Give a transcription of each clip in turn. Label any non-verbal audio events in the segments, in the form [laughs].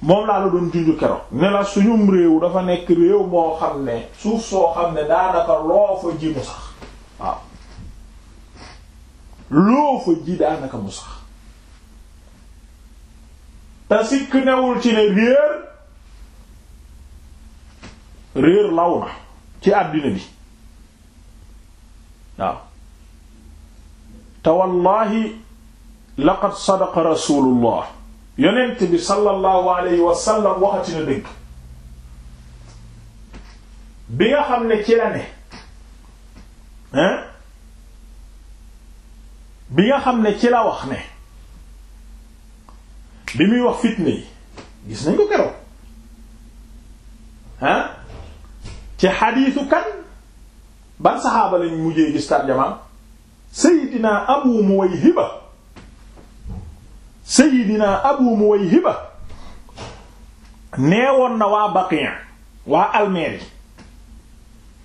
moom laa la doon junju keroog ne la suñum réew dafa nekk réew moo xam ne suuf soo xam ne daanaka loo fa ji mu sax waaw loo fa ji daanaka mu sax te sikk newul ci ne réer réer law na ci àddina bi waaw te wallahi laqad sadaqa rasulullah yonent bi sallallahu alayhi wa sallam waxati bi nga xam ne ci la ne hein bi nga xam ne ci la wax ne bi muy wax fitna yi gis nañ ko keroog hein ci xadiisu kan ban saxaaba lañ mujjee gis tarjamaan Seydina Abu Muwayhiba Seydina Abu Muwayhiba neewoon na waa Baqiya waa Almeeri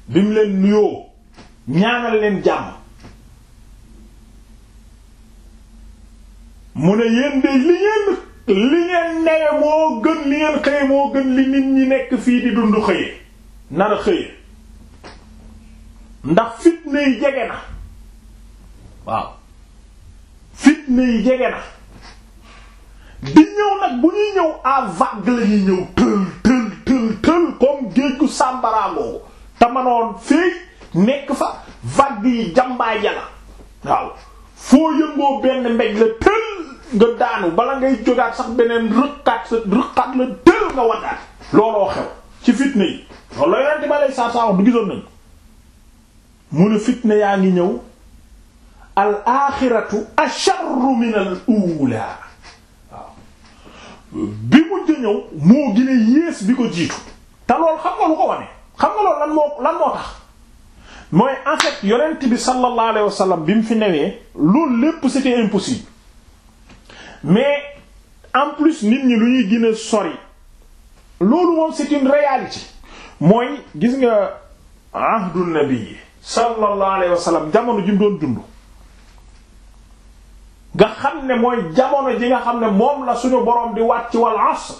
bi mu leen nuyoo ñaanal leen jàmm mu ne yéen de li ngeen li ngeen newe moo gën li ngeen xëye moo gën li nit ñi nekk fii di dund xëye nar xëye ndax fitna yi jege na waaw fitna yi jege na di ñëw nag bu ñuy ñëw à vague la ñuy ñëw tël tël tël tël comme géej gu sàmbaraangoo te nekk fa vague yi jambaa jala waaw foo yëngoo benn mbéj la tël nga daanu bala ngay jógaat sax beneen rëqaat sa rëqaat la tël nga waddaat looloo xew ci fitna yi loolu la yonente ba mu ne yaa ngi ñëw al axiratu asharru min bi mujj ñëw moo gën yées bi ko jiitu te loolu xam nga lu ko wane xam nga loolu lan moo lan moo tax mooy en fait yonent bi sallallahu alayhi wa sallam bi mu fi newee loolu lépp c'était impossible mais en plus nit ñi lu ñuy gën sori loolu moom c'est une réalité mooy gis nga ahdun nabi sallallahu alayhi wa sallam jamono ji mu doon dund nga xam ne mooy jamono ji nga xam ne moom la suñu borom di wàcc wal asr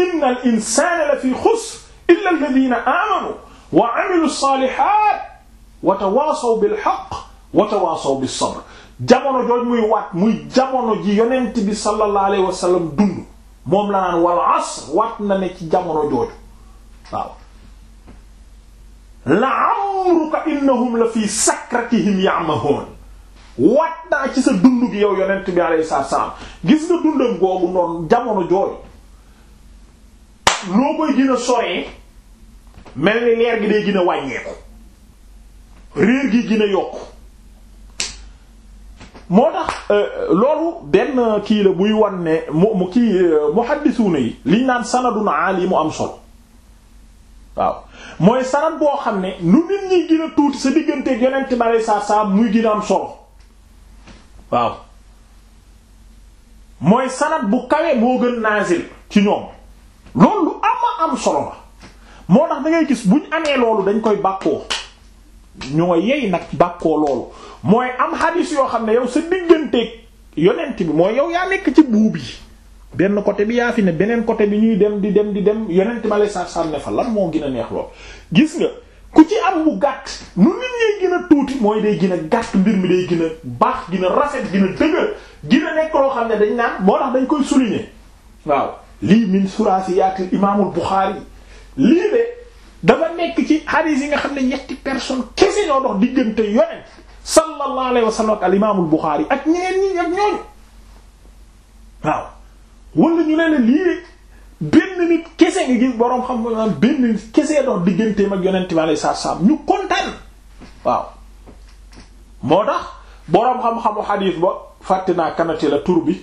inna al insana la fi xusr illa alladina amanu wa amilu salihat wa tawasaw bil haqq wa tawasaw bis sabr jamono jooj muy waat muy jamono ji yonent bi sallallahu alayhi wa sallam dund moom la naan wal asr waat na ne ci jamono jooju waaw la amruka innahum la fi sakratihim ya'mahun waat naa ci sa dund gi yow yonent bi alayhi salaam gis nga dundam googu noonu jamono jooju loo koy gën a soree mel ni leer gi day gën wàññeeku réer gi gën yokk moo tax euh, loolu benn kii la buy wan ne mu mu kii euh, muhaddisuuna yi liñ naan sanadun aali mu am solo waaw mooy sanad boo xam ne nu nit ñi gën tuuti sa diggante yonent bi alayhi salaam muy gën am solo waaw mooy sanad bu kawe moo gën nazil ci ñoom loolu lu ama am solo la moo tax da ngay gis buñ amee loolu dañ koy bàkkoo ñoo yey nag bàkkoo loolu mooy am hadis yoo xam ne yow sa digganteeg yonent bi mooy yow yaa nekk ci buub yi benn côté bi yaa fi ne beneen côté bi ñuy dem di dem di dem yonent ma lay sàr sàr ne fa lan moo gën a neex lool. gis nga ku ci am bu gàtt nu nit ñi mooy day gën a gàtt mbir mi day gën a baax gën a rafet gën a dëgër gën nekk loo xam ne dañ naan moo tax dañ koy souligner waaw lii min suraasiyaati imaamul Buxaari lii de dafa nekk ci hadith yi nga xam ne ñetti personne kese ñoo dox diggante yonent sallallahu alayhi wa sallam ak al imaamul Buxaari ak ñeneen ak ñooñu waaw wala ñu ne la lii benn nit kese nga gis boroom xam nga benn nit kese dox digganteem ak yonent bi saa salaam ñu kontaan waaw moo tax boroom xam-xamu xadiis ba fàtte naa kanati la tur bi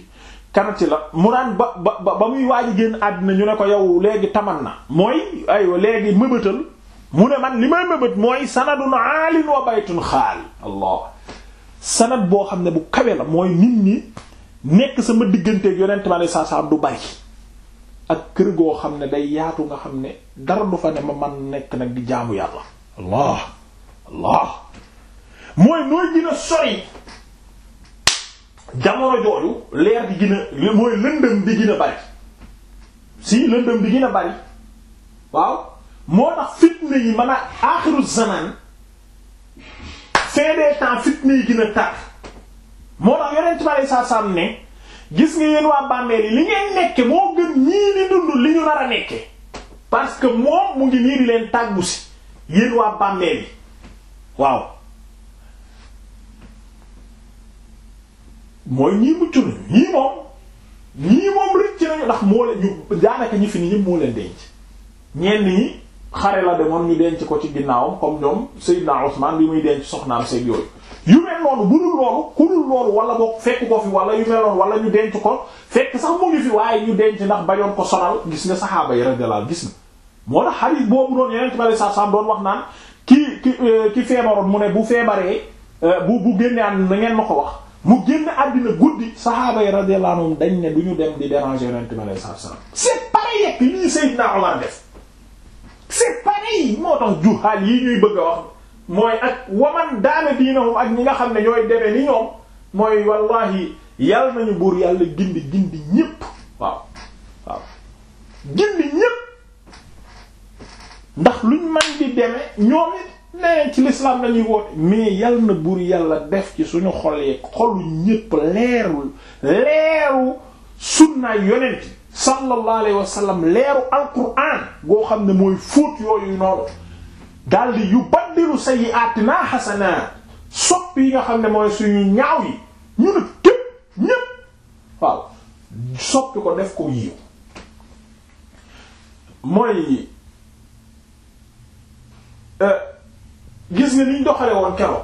kanati la mu naan ba ba ba muy waaj génn àddina ñu ne ko yow léegi taman na mooy aywa léegi mëbëtal mu ne man li may mëbët mooy sanadun aalin wa baytun xaal allah sanad boo xam ne bu kawe la mooy nit ñi nekk sama digganteeg yonent ma ne saa du bari ak kër goo xam ne day yaatu nga xam ne dara du fa ne ma man nekk nag di jaamu yàlla allah allah mooy nooy gën sori jamono jooju leer di gën a mooy lëndëm di gën bari si lëndëm di gën bari waaw moo tax fitna yi mën a aaxiru zaman fin des temps fitna yi gën tar moo tax yonent bi saa saam ne gis nga yéen waa bàmmeel yi li ngeen nekke moo gën ñii di dund li ñu nar a nekke parce que moom mu ngi nii di leen tàggu si yéen waa bàmmeel yi waaw mooy ñii mucc nañu ñii moom ñii moom rëcc nañu ndax moo leen ñu daanaka ñi fi ni ñëpp moo leen denc ñenn ñi xare la demoon ñu denc ko ci ginnaawam comme ñoom Seydina Ousmane bi muy denc soxnaam seeg yooyu yu mel noonu bu dul loolu ku dul loolu wala boo fekk ko fi wala yu mel noonu wala ñu denc ko fekk sax mu ngi fi waaye ñu denc ndax bañoon ko sonal gis nga saxaaba yi radiyallahu gis na moo tax xarit boobu doon yeneen ci bari sax sax doon wax naan ki ki ki feebaroon mu ne bu feebaree euh, bu bu génnee am na ngeen ma ko wax mu génn àddina guddi saxaaba yi radiyallahu anhum dañ ne du ñu dem di déranger yonent mi alayhi salaam c'est pareil ak lii Seydina Omar def c'est pareil moo tax juhaal yi ñuy bëgg a wax mooy ak waman daana diinahum ak ñi nga xam ne ñooy demee ni ñoom mooy wallahi yàlla nañu buur yàlla gindi gindi ñépp waaw waaw gindi ñépp ndax luñ mën di demee ñoom it mais ci lislaam lañuy woote mais yal na buur yàlla def ci suñu xolee xolu ñépp leerul leeru sunna yonent sallallahu alayhi wa sallam leeru alquran boo xam ne mooy fóot yooyu noonu daldi yu baddiru sayyi'atina hasana soppi yi nga xam ne mooy suñu ñaaw yi ñu ne képp ñépp waaw soppi ko def ko yiw mooy euh, gis nga niñ doxale woon keroog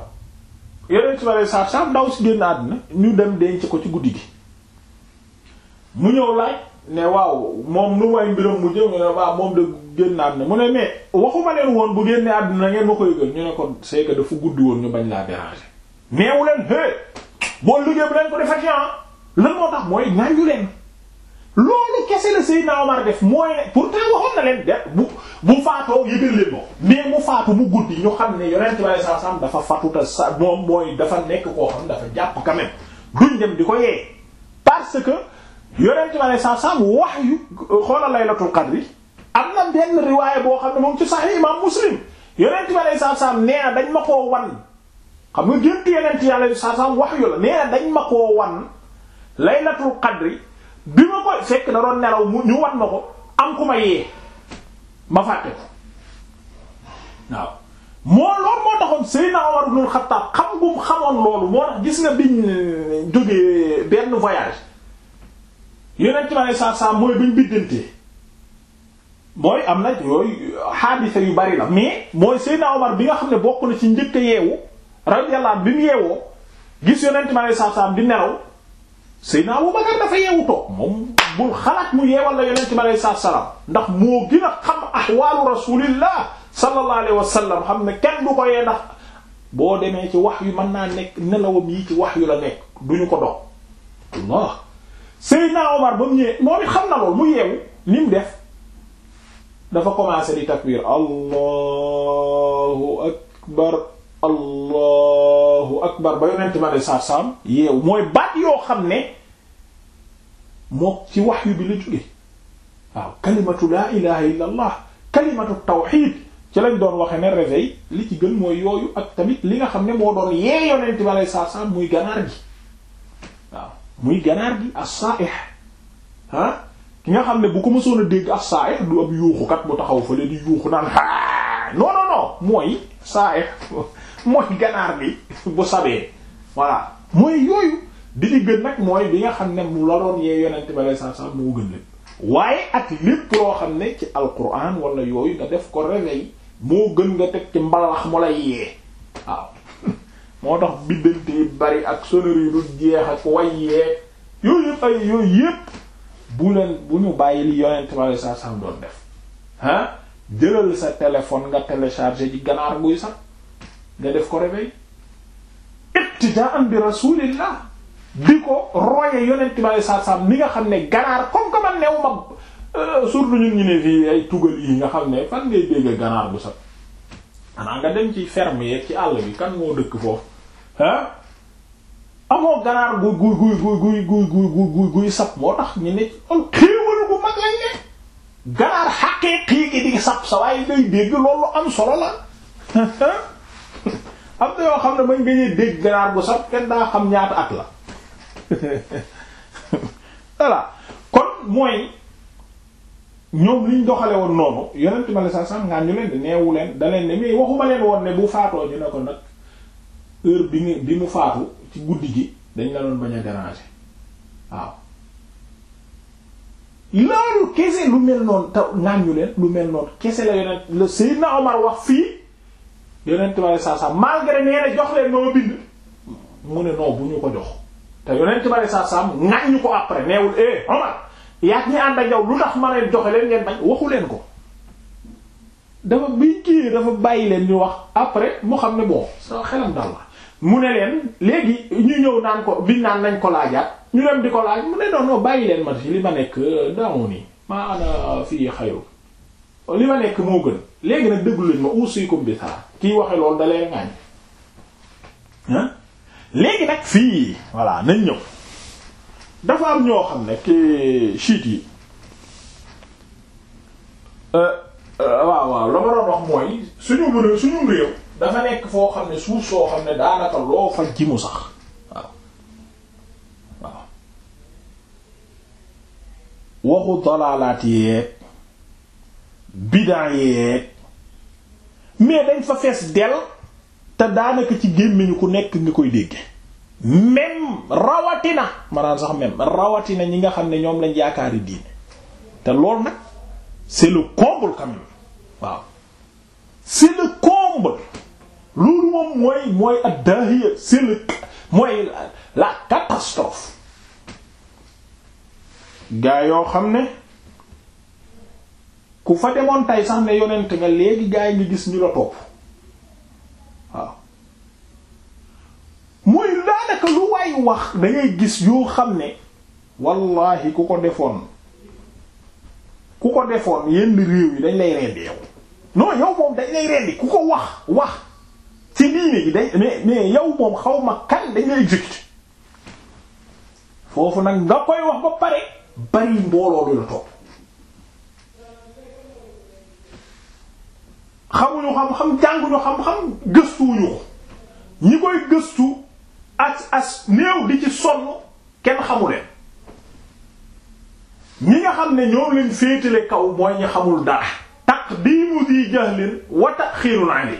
yonent bi aleyhi salaatu salaam ndaw si génn àddina ñu dem denc ko ci guddi gi mu ñëw laaj ne waaw moom nu may mbiram mu jëm ne waaw moom de génn àddina mu ne mais waxuma leen woon bu génnee àddina ngeen ma ko yëgal ñu ne ko c'est dafa guddi woon ñu bañ laa déranger. neewu leen hé boo liggéey bu leen ko defee ci ah. lan moo tax mooy ñaanju leen. loolu kese la Seydina Omar def mooy ne pourtant waxoon na leen de bu bu faatoo yëgal leen moom mais mu faatu mu guddi ñu xam ne yonent bi saa saam dafa fatuta sa moom mooy dafa nekk koo xam dafa jàpp quand même duñ dem di ko yee parce que yonent bi saa saam wax yu xoolal laylatul qadri am na benn riwaay boo xam ne moom ci sahih imam muslim yonent nee dañ ma koo wan xam nga gént yonent bi saa saam wax yu la nee na dañ ma koo wan laylatul qadri bi ma koy fekk da doon nelaw mu ñu wan ma ko am ku ma yee ma fàtte ko waaw moo loolu moo taxoon Seydina Umar ibn Khattab xam gum xamoon loolu moo tax gis nga biñ euh, jógee benn voyage yeneen ci ma ne saa mooy biñ biddantee mooy am na yooyu xaadisa yu bari la mais mooy Seydina Omar bi nga xam ne bokk na ci njëkk yeewu radiyallahu bi mu yeewoo gis yonent mi alayhi salaam di nelaw Seydina Abu Bakar dafa yeewu moom bul xalaat mu yeewal la yonent bi alayhi salaatu salaam ndax moo gën a xam ahwaalu rasulillah sallallahu alayhi wa sallam xam ne kenn du ko yee ndax boo demee ci wax yu mën naa nekk nelawam yi ci wax yu la nekk duñu ko dox Allah Seydina Omar ba mu ñëwee moom xam na lool mu yeewu ni mu def dafa commencé di takbir allahu akbar allahu akbar ba yonent bi alayhi salaatu salaam yeewu mooy baat yoo xam ne moo ci wahyu bi la jóge waaw kalimatu laa ilaha illa kalimatu tawxid ci lañ doon waxe ne réveil li ci gën mooy yooyu ak tamit li nga xam ne moo doon yee yonent bi alei saatu muy ganaar gi waaw muy ganaar gi as-sa'ih ah ki nga xam ne bu ko mësoon a dégg as-sa'ih du ab mooy sa'ih [laughs] mooy ganaar gi bu sabee voilà mooy yooyu bi ci gën nag mooy bi nga xam ne mu la doon yee yonent ba lay saabsaab moo gën lépp waaye ak lépp loo xam ne ci alquran wala yooyu nga def ko réveil moo gën nga teg ci mbalax mu lay yee waaw [laughs] moo tax biddante yi bari ak sonnerie yi du jeex ak way yee yooyu yëpp ay bu leen bu ñu bàyyi li yonent ba lay saabsaab doon def ah jëlal sa téléphone nga télécharger ci ganaar guy sax nga def ko réveil ittidaan bi rasulillah di ko roye yonent bi saa saa mi nga xam ne ganaar comme que man new ma euh, surtout ñun ñu fii ay tugal yi nga xam ne fan ngay dégg ganaar bu sax xanaa nga dem ci ferme yeeg ci àll bi kan dëkk foofu amoo ganaar guy guy guy guy tax ñu ne am xéewal bu mag lañ ne ganaar xàqee xii gi di sap sa waaye ngay dégg loolu am solo la am na yoo xam ne bañ nga dégg ganaar bu sap kenn daa xam ñaata at la [laughs] voilà kon mooy ñoom liñ doxale woon noonu yonent ma la sax leen di neewu leen da ne mais waxuma leen woon ne bu faatoo ñu ne ko nag heure bi nga bi mu faatu ci guddi gi dañ la doon bañ a déranger waaw. loolu kese lu mel noonu taw ngaa leen lu mel noonu kese la yonent le Seydina Omar wax fii yonent saa la sax sax jox leen noo bind mu ne non bu ñu ko jox. te yonent bi alayhi salaatu salaam ŋañ ñu ko après neewul eh Omar yaag ñi ànd ak yow lu tax ma leen joxe leen ngeen bañ waxu leen ko dafa biñ kii dafa bàyyi leen ñu wax après mu xam ne bon sa xelam dal la mu ne leen léegi ñu ñëw naan ko biñ naan nañ ko laajaat ñu dem di ko laaj mu ne non bàyyi leen ma ci li ma nekk euh, daawu nii maa ana fii xayru li ma nekk moo gën léegi nag déglu lañ ma uusikum bi saa kii waxe loolu dalee ngaañ léegi nag fii voilà nañ ñëw dafa am ñoo xam ne ki chiites yi euh, euh, waaw waaw la wax mooy suñu mën suñu réew dafa nekk foo xam ne suuf soo xam ne daanaka loo fa ji sax waaw waxu dalaalaat yeeg biddaa yeeg mais dañ fa fees del te daanaka ci gémmiñu ku nekk nga koy dégge même rawatina maanaam sax même rawatina ñi nga xam ne ñoom lañ yaakaari diine te loolu nag c'est le comble quand même waaw c'est le loolu moom mooy mooy ad-daahiya mooy la catastrophe gaa yoo xam ne ku fa demoon tey sax ne yonent nga léegi gaa yi nga gis ñu la topp mooy daanaka lu waay wax dangay gis yoo xam ne wallaahi ku ko defoon ku ko defoon yenn réew yi dañ lay rendi yow non yow moom dañ lay rendi ku ko wax wax ci diine gi dañ mais mais yow moom xaw ma kan dañ lay foofu nag nga koy wax ba pare bari mbooloo lu la topp xamuñu xam-xam jànguñu xam-xam gëstuñu ñi koy gëstu as as néew di ci sonn kenn xamuleen ñi nga xam ne ñoo leen féetale kaw mooy ñi xamul dara taqdiimu di jahlin wa taxiirul ali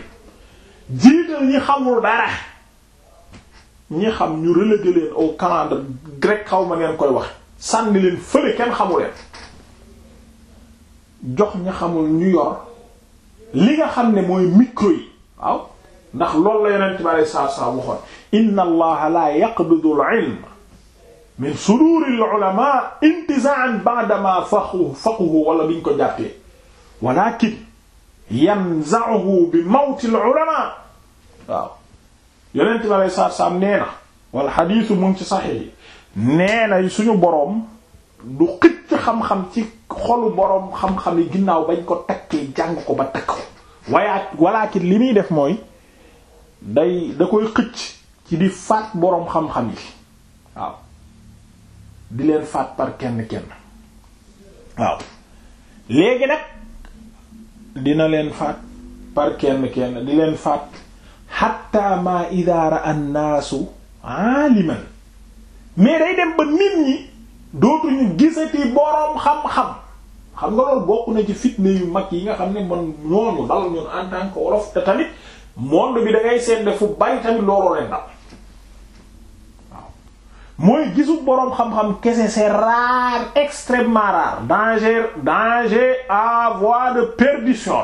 jiital ñi xamul dara ñi xam ñu relégué leen au calendrier grec xaw ma ngeen koy wax sànni leen fële kenn xamuleen jox ñi xamul ñu yor li nga xam ne mooy micro yi waaw ndax loolu la yonent bi alei saatu salaam waxoon inna allaha la yaqbidu al ilm min suduur al ulama intiza'an ba'dama faqahu faqahu wala biñ ko jàppee walakin yanza'uhu bi mawti al ulama waaw yonent bi alei saatu salaam nee na wal xadiisu mu ngi ci saxix yi nee na suñu boroom du xëcc xam-xam ci xolu boroom xam-xam ginnaaw bañ ko takkee jàng ko ba takk ko waaye walakin li def mooy day da koy xëcc ci di faat boroom xam-xam yi waaw di leen faat par kenn kenn waaw léegi nag dina leen faat par kenn kenn di leen faat hatta ma idha ra'a an-naasu mais day dem ba nit ñi dootuñu gisati boroom xam-xam xam nga loolu bokk na ci fitne yu mag yi nga xam ne man ñooñu dal ñun en tant que wolof tamit monde bi da ngay seetlu fu bari tamit looloo leen waaw mooy gisu boroom xam-xam kese c'est rare extrêmement rare danger danger à voie de perdition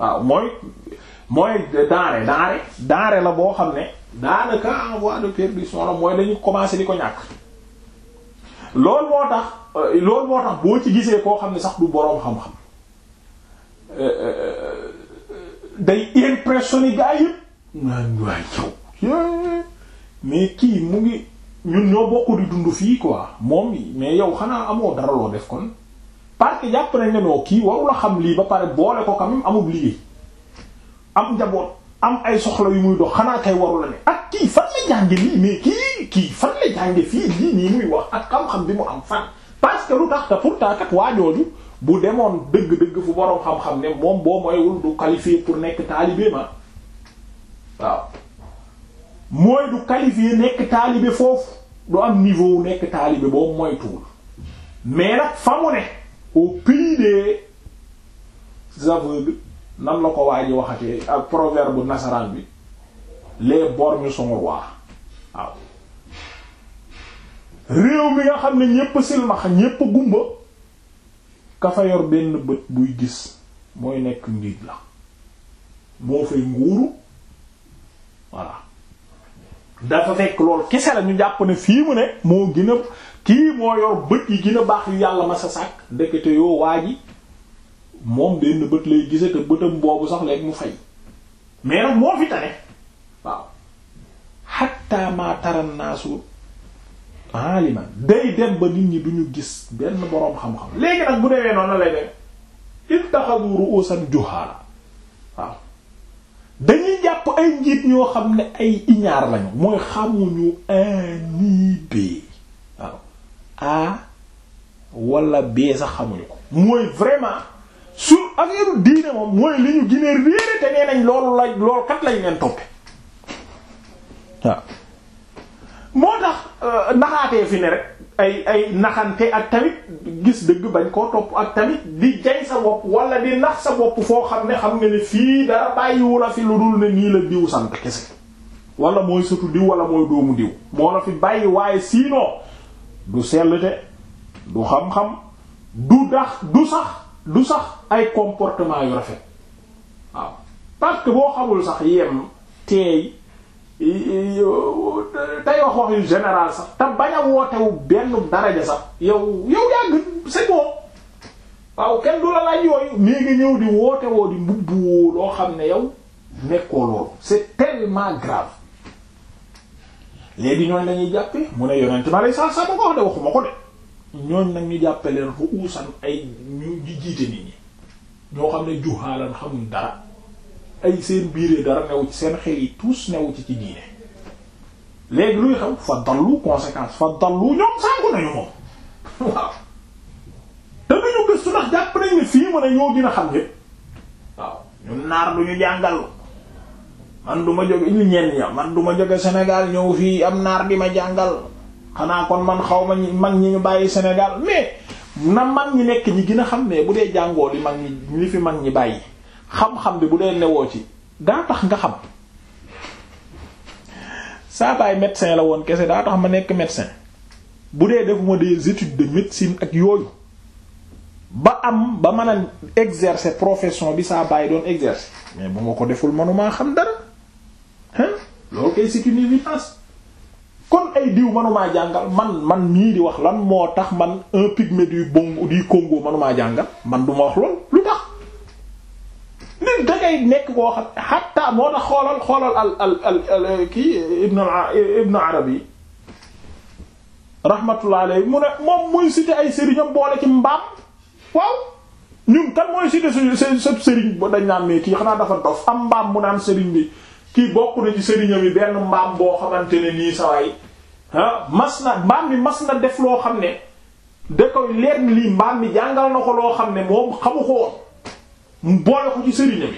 la waaw mooy mooy denrée denrée denrée la boo xam ne daanaka à voie de perdition la mooy dañu commencer di ko ñàkk loolu moo tax euh, loolu moo tax boo ci gisee koo xam ne sax du boroom xam-xam. Euh, euh, day impressionné gaa yëpp naan mais kii mu ngi ñun ñoo bokk di dund fii quoi moom mais yow xanaa amoo dara loo def kon parce que jàpp ne noo kii waru xam lii ba pare boole ko quand même lii am njaboot am ay soxla yu muy dox xanaa kay waru la ne ak kii fan la jànge lii mais kii kii fan la jànge fii lii nii muy wax ak xam-xam bi mu am fan parce que lu tax te pourtant kat waajooju bu demoon dëgg-dëgg fu boroom xam-xam ne moom boo mooywul du qualifié pour nekk taalibe ma waaw mooy du qualifié nekk taalibe foofu du am niveau nekk taalibe boobu moytuwul mais nag fa mu ne au prix des nan la ko waa ji waxatee ak proverbe nasaraan bi les borgnes sont rois waaw réew mi nga xam ne ñépp silmaxa ñépp gumba kafayor benn bët buy gis mooy nekk njiit la moo fay nguuru voilà dafa fekk lool kese lañu ñu jàpp ne fii mu ne moo gën a kii moo yor bët yi gën baax yu yàlla ma sa sàkk ndekete yoo waa ji moom benn bët lay gise te bëtam boobu sax léegi mu fay mais nag moo fi tane waaw xatta ma taran naasu aliman day dem ba nit ñi du ñu gis benn boroom xam-xam léegi nag bu demee noonu lay dem ittaxadu ru'usan juhaala waaw dañuy jàpp ay njiit ñoo xam ne ay iñaar lañu mooy xamuñu anibe waaw a wala bee sax xamuñu ko mooy vraiment su affaire diine moom mooy li ñu gën réere te nee loolu la loolu kat lañ leen toppe moo tax euh, naxaatee fi ne rek ay ay naxante ak tamit gis dëgg bañ koo topp ak tamit di jay sa bopp wala di nax sa bopp foo xam ne xam nga ne fii dara bàyyiwu la fi lu dul ne nii la diw sant kese wala mooy sëtu diw wala mooy doomu diw moo la fi bàyyi waaye sinon du sellte du xam-xam du dax du sax du sax ay comportement yu rafet waaw parce que boo xamul sax yem teey tey wax wax yu général sax te bañ wootewu benn daraja sax yow yow yaa gën c'est waaw kenn du la laaj yooyu mii ñëw di wootewoo woo di mbubboo loo xam ne yow nekkoo loolu c'est tellement grave léegi ñooñ lañuy jàppe mu ne yonent ma lay saa saa ma ko wax de waxuma ko de ñooñ nag ñu jàppe leen ruusan ay ñu jiite nit ñi ñoo xam ne juhaalan xamul dara ay seen biiree dara newu ci seen xel yi tous newu ci ci diine léegi luy xew fa dallu conséquence fa dallu ñoom sànku nañu moom [laughs] waaw te duñu gëstu ndax jàpp nañ ne fii mën a ñoo gën a xam lépp waaw ñun man du ma jóge man du ma jóge Sénégal ñëw fii am naar di ma jàngal xanaa kon man xaw ma ñi mag ñi ñu bàyyi Sénégal mais na mag ñi nekk ñi gin a xam ne bu dee jàngoo li mag ñi li fi mag ñi bàyyi xam-xam bi bu dee newoo ci daa tax nga xam saa baay médecin la woon kese daa tax ma nekk médecin bu dee defuma des études de médecine ak yooyu ba am ba mën a exercer profession bi saa baay doon exercer mais bu ma ko deful manumaa xam dara hein loolu kay c'est une évidence kon ay diw manumaa jàngal man man mii di wax lan moo tax man un pygmée du Bongo du Congo manumaa jàngal man duma wax lool lu tax nit da nekk koo xam xatta moo tax xoolal xoolal al al al euh, kii ibnu ibnu arabi rahmatullah alayhi mu ne moom muy ay sëriñam boole ci mbaam waaw ñun kan mooy cité suñu sëb sëriñ ba dañ naan mais kii xanaa dafa dof am mbaam mu naan sëriñ bi kii bokk na ci sëriñam yi benn mbaam boo xamante nii saway mas na mbaam mi mas na def loo xam ne da koy leer lii mbaam mi jàngal na ko loo xam ne moom xamu ko woon mu boole ko ci sëriñam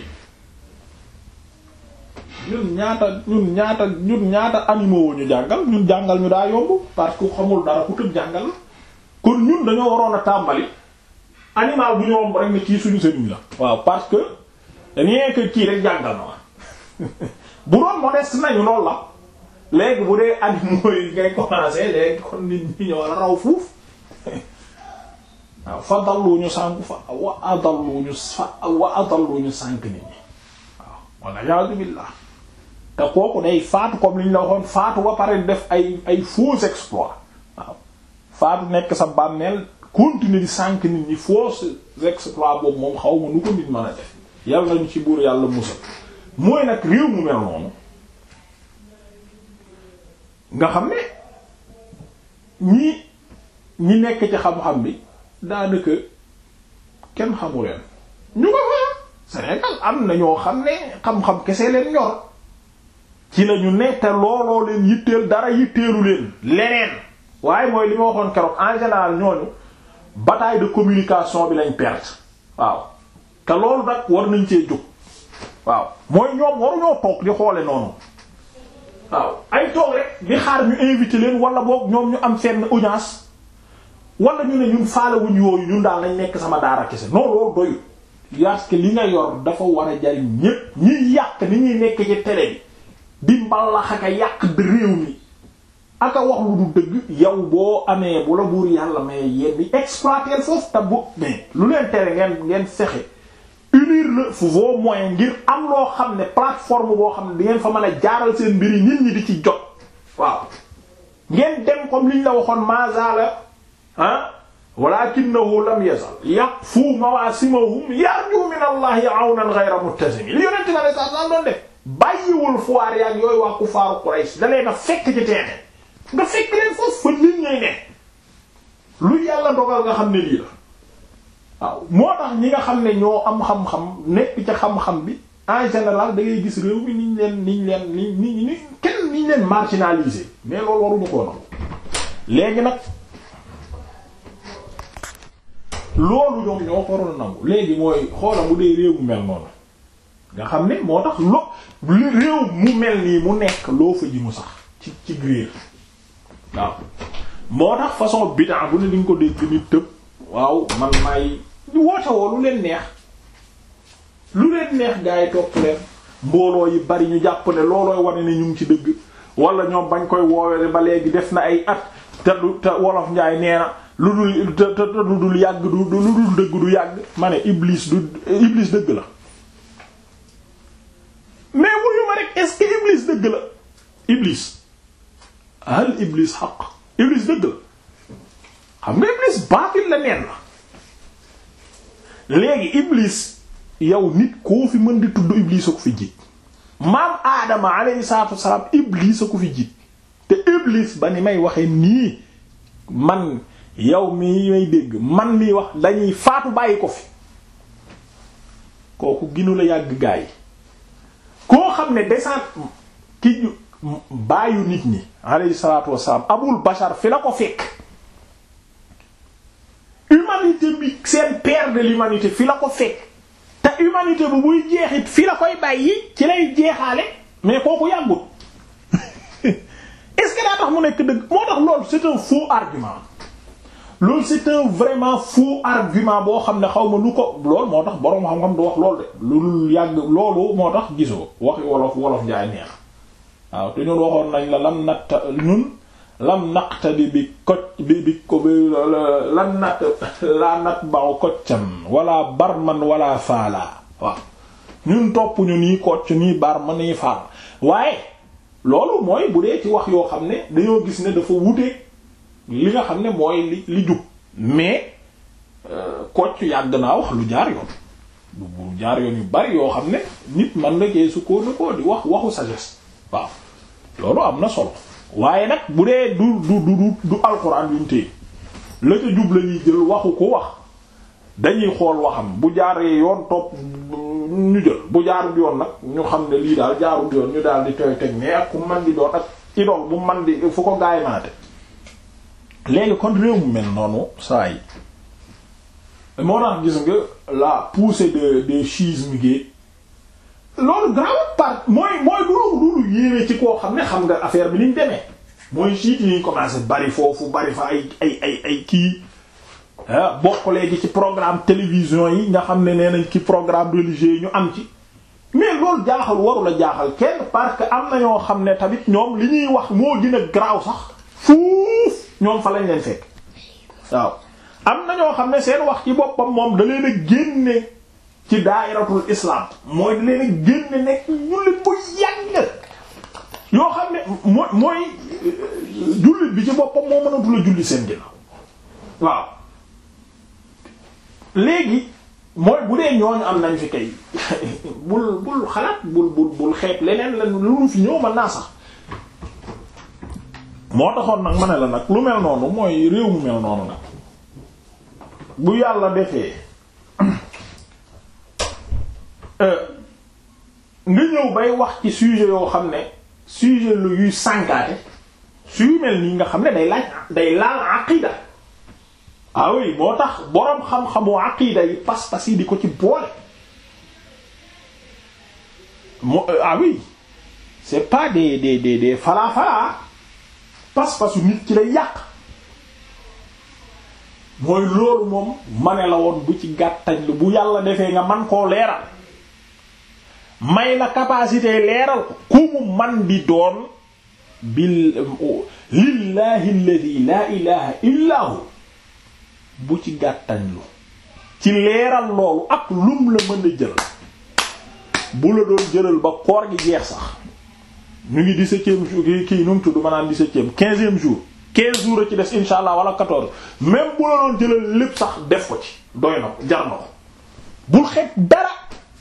yi ñun ñaata ñun ñaata ñun ñaata animaux ñu jàngal ñun jàngal ñu daa yomb parce que xamul dara ku tëb jàngal la kon ñun dañoo waroon a tàmbali animal bu ñu romb rek ne kii suñu sëriñ la. waaw parce que rien que kii rek jàngal na ma [laughs] bu doon modeste nañu loolu la léegi bu dee animaux yi ngay commencer léegi kon nit ñi ñoo la raw fuuf. [laughs] waaw fa ñu sànku fa wa adalluuñu fa wa adalluuñu nit ñi waaw walla iyaazu billaah te kooku day faatu comme liñ la waxoon faatu ba pare def ay ay faux exploits waaw faatu nekk sa bàmmeel continuer di sànk nit ñi faux exploits boobu moom xaw ma nu ko nit mën a def yàlla nañu ci buur yàlla musal mooy nag réew mu mel noonu nga xam ne ñi ñi nekk ci xam-xam bi daanaka kenn xamu ñu ko fa Sénégal am na ñoo xam ne xam-xam kese leen ñor ci la ñu ne te looloo leen yitteel dara yitteelu leen leneen waaye mooy li ma waxoon keroog en général ñooñu bataille de communication bi lañ perte waaw te loolu nag war nañ cee jóg waaw mooy ñoom waruñoo toog di xoole noonu waaw ay toog rek bi xaar ñu invité leen wala boog ñoom ñu am seen audience. wala ñu ne ñun faalewuñ yooyu ñun daal nañ nekk sama daara kese non loolu doyul parce que li nga yor dafa war a jariñ ñépp ñuy yàq ni ñuy nekk ci télé bi di mbalax ak a yàq réew mi aka wax lu du dëgg yow boo amee bu la buur yàlla mais yéen di exploiter foofu te bu mais lu leen tere ngeen ngeen fexe unir le vos ngir am loo xam ne plateforme boo xam ne di fa mën a jaaral seen mbir yi nit ñi di ci jot waaw ngeen dem comme liñ la waxoon mazala ah walakinahu lam yazal yaqfu mawasimahum yarju min allahi awnan ghayra muttazim li yonente na le sa san bàyyiwul foir yaak yooyu waa kuffaaru Quraysh da leen a fekk ci teene nga fekk leen foofu fa nit ñay ne lu yàlla dogal nga xam ne lii la waaw moo tax ñi nga xam ne ñoo am xam-xam nekk ca xam-xam bi en général da ngay gis réew mi niñ leen niñ leen ni kenn niñ leen marginalisé mais loolu waruñu koo nangu léegi nag loolu ñoom ñoo ko waroon a léegi mooy xoola bu dee réew mu mel noonu nga xam ne moo tax lo réew mu mel nii mu nekk loo fa mu sax ci ci grier waaw moo tax façon bid'a bu ne di ko dégg nit tëb waaw man may di woote woo lu leen neex lu leen neex gaa yi topp leen mbooloo yi bari ñu jàpp ne loolooy wane ne ñu ci dëgg wala ñoom bañ koy woowee ba léegi def na ay at te du te wolof njaay nee na lu dul te te lu dul yàgg du lu dul dëgg du yàgg ma ne Iblis du Iblis dëgg la mais est-ce que dëgg la Iblis hal Iblis xaq Iblis dëgg la xam nga Iblis baatil la neen la léegi Iblis yow nit koo fi mën di tudd Iblis a ko fi jiit maam Adama alayhi salaatu wa salaam Iblis a ko fi jiit te Iblis ba ni may waxee nii man. yow mii may dégg man mii wax dañuy faatu bàyyi ko fi kooku ginu la yàgg gaay koo xam ne descente ki ñu nit ñi alayhi salaatu wassalaam abul bashar fi la ko fekk humanité bi seen père de l'humanité fi la ko fekk te humanité bu buy jeexit fi la koy bàyyi ci lay jeexaale mais kooku yàggut [laughs] est-ce que daa tax mu nekk dëgg moo tax loolu c'est un faux loolu si un vraiment faux argument boo xam ne xaw ma lu ko lool moo tax boroom xam-xam du wax loolu de lu yàgg loolu moo tax gisoo waxi wolof wolof njaay neex waaw te ñun waxoon nañ la lam natta ñun lam naqtadi bi kocc bi bi ko bi lan nat laa nat baw koccan wala barman wala faalaa waaw ñun topp ñu nii kocc nii barman nii faal waaye loolu mooy bu dee ci wax yoo xam ne dañoo gis ne dafa wute li nga xam ne mooy li li jub mais euh, kocc yàgg naa wax lu jaar yoon bu jaar yoon yu bari yoo xam ne nit man na kee sukkandikoo di wax waxu sagesse waaw loolu am na solo waaye nag bu dee du du du du alxuraan yuñ téye la ca jub la ñuy jël waxu ko wax dañuy xool waxam bu jaaree yoon topp ñu jël bu jaarul yoon nag ñu xam ne lii daal jaarul yoon ñu daal di tooy teg ne ku man di doon ak idol bu man di fu ko gaay maate léegi kon réew mu mel noonu saa yi moo tax gis nga la poussée de des schismes gi loolu grave par mooy mooy du lu yéeme ci koo xam ne xam nga affaire bi ni ñu demee mooy siit yi ñu commencé bari foofu bari fa ay ay ay ay kii ah bokk léegi ci programme télévision yi nga xam ne nee nañ ci programme religieux yi ñu am ci mais loolu jaaxal waru la jaaxal kenn parce que am na ñoo xam ne tamit ñoom li ñuy wax moo gën a grave sax. fuuf ñoom fa lañ leen fekk waaw am na ñoo xam ne seen wax ci boppam moom da leen génne ci daayiratul islam mooy da leen génne nekk jullit bu yàgg yoo xam ne mooy euh, jullit bi ci boppam moo mënatu la julli seen ginnaaw waaw léegi mooy bu dee ñooñu am nañ fi kay [laughs] bul bul xalaat bul bul bul xeeb leneen la lu fi naa sax moo taxoon nag ma la nag lu mel noonu mooy réew mu mel noonu nag bu yàlla defee [clears throat] euh, nga ñëw bay wax ci sujet yoo xam ne sujet lu yuy sànkaate suy mel nii nga xam ne day laaj day laal aqida ah moo tax boroom xam-xamu aqida yi pas-pas yi di ko ci boole mo euh, ah c'est pas des des des falaa falaa pas-pasu nit ki lay yàq mooy loolu moom ma ne la woon bu ci gàttañ lu bu yàlla defee nga man koo leeral may la capacité leeral ku mu man bi doon bil lillahi laa ilaha bu ci gàttañ lu ci leeral loolu ak lum la mën jël bu la doon jëlal ba koor gi jeex sax ñu ngi dix-septième jour kii nu mu tudd ma naan dix-septième quinzième jour quinze jours a ci des insha allah wala quatorze même bu la jëlal lépp sax def ko ci doy na ko jar na ko bul xeet dara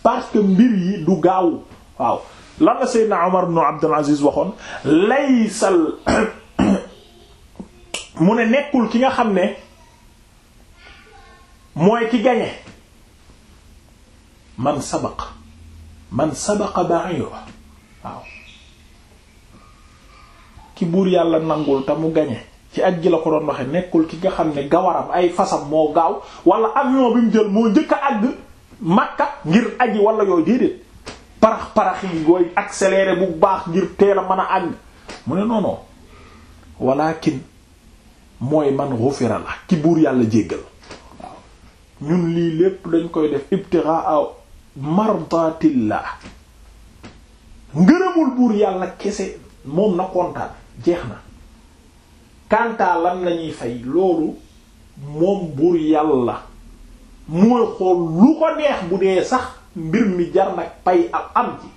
parce que mbir yi du gaawu waaw lan la Seydina Omar ibn Abdul Aziz waxoon laysal [coughs] mu ne nekkul ki nga xam ne mooy ki gañe man sabaq man sabaqa ba'iruhu waaw ki buur yàlla nangul te mu gañe ci aj ji la ko doon waxe nekkul ki nga xam ne gawaram ay fasam moo gaaw wala avion bi mu jël moo njëkk a Makka ngir aji wala yooyu déedéet parax parax yi gooy bu baax ngir teel a mën a àgg mu ne non non walakin mooy man ghufira la ki buur yàlla jéggal waaw ñun lii lépp dañ koy def ibtigha'a mardatillah ngërëmul buur yàlla kese moom na kontaan jeex na kantaa lan lañuy fay loolu moom buur yàlla mooy xool lu ko neex bu dee sax mbir mi jar nag pay ak am ci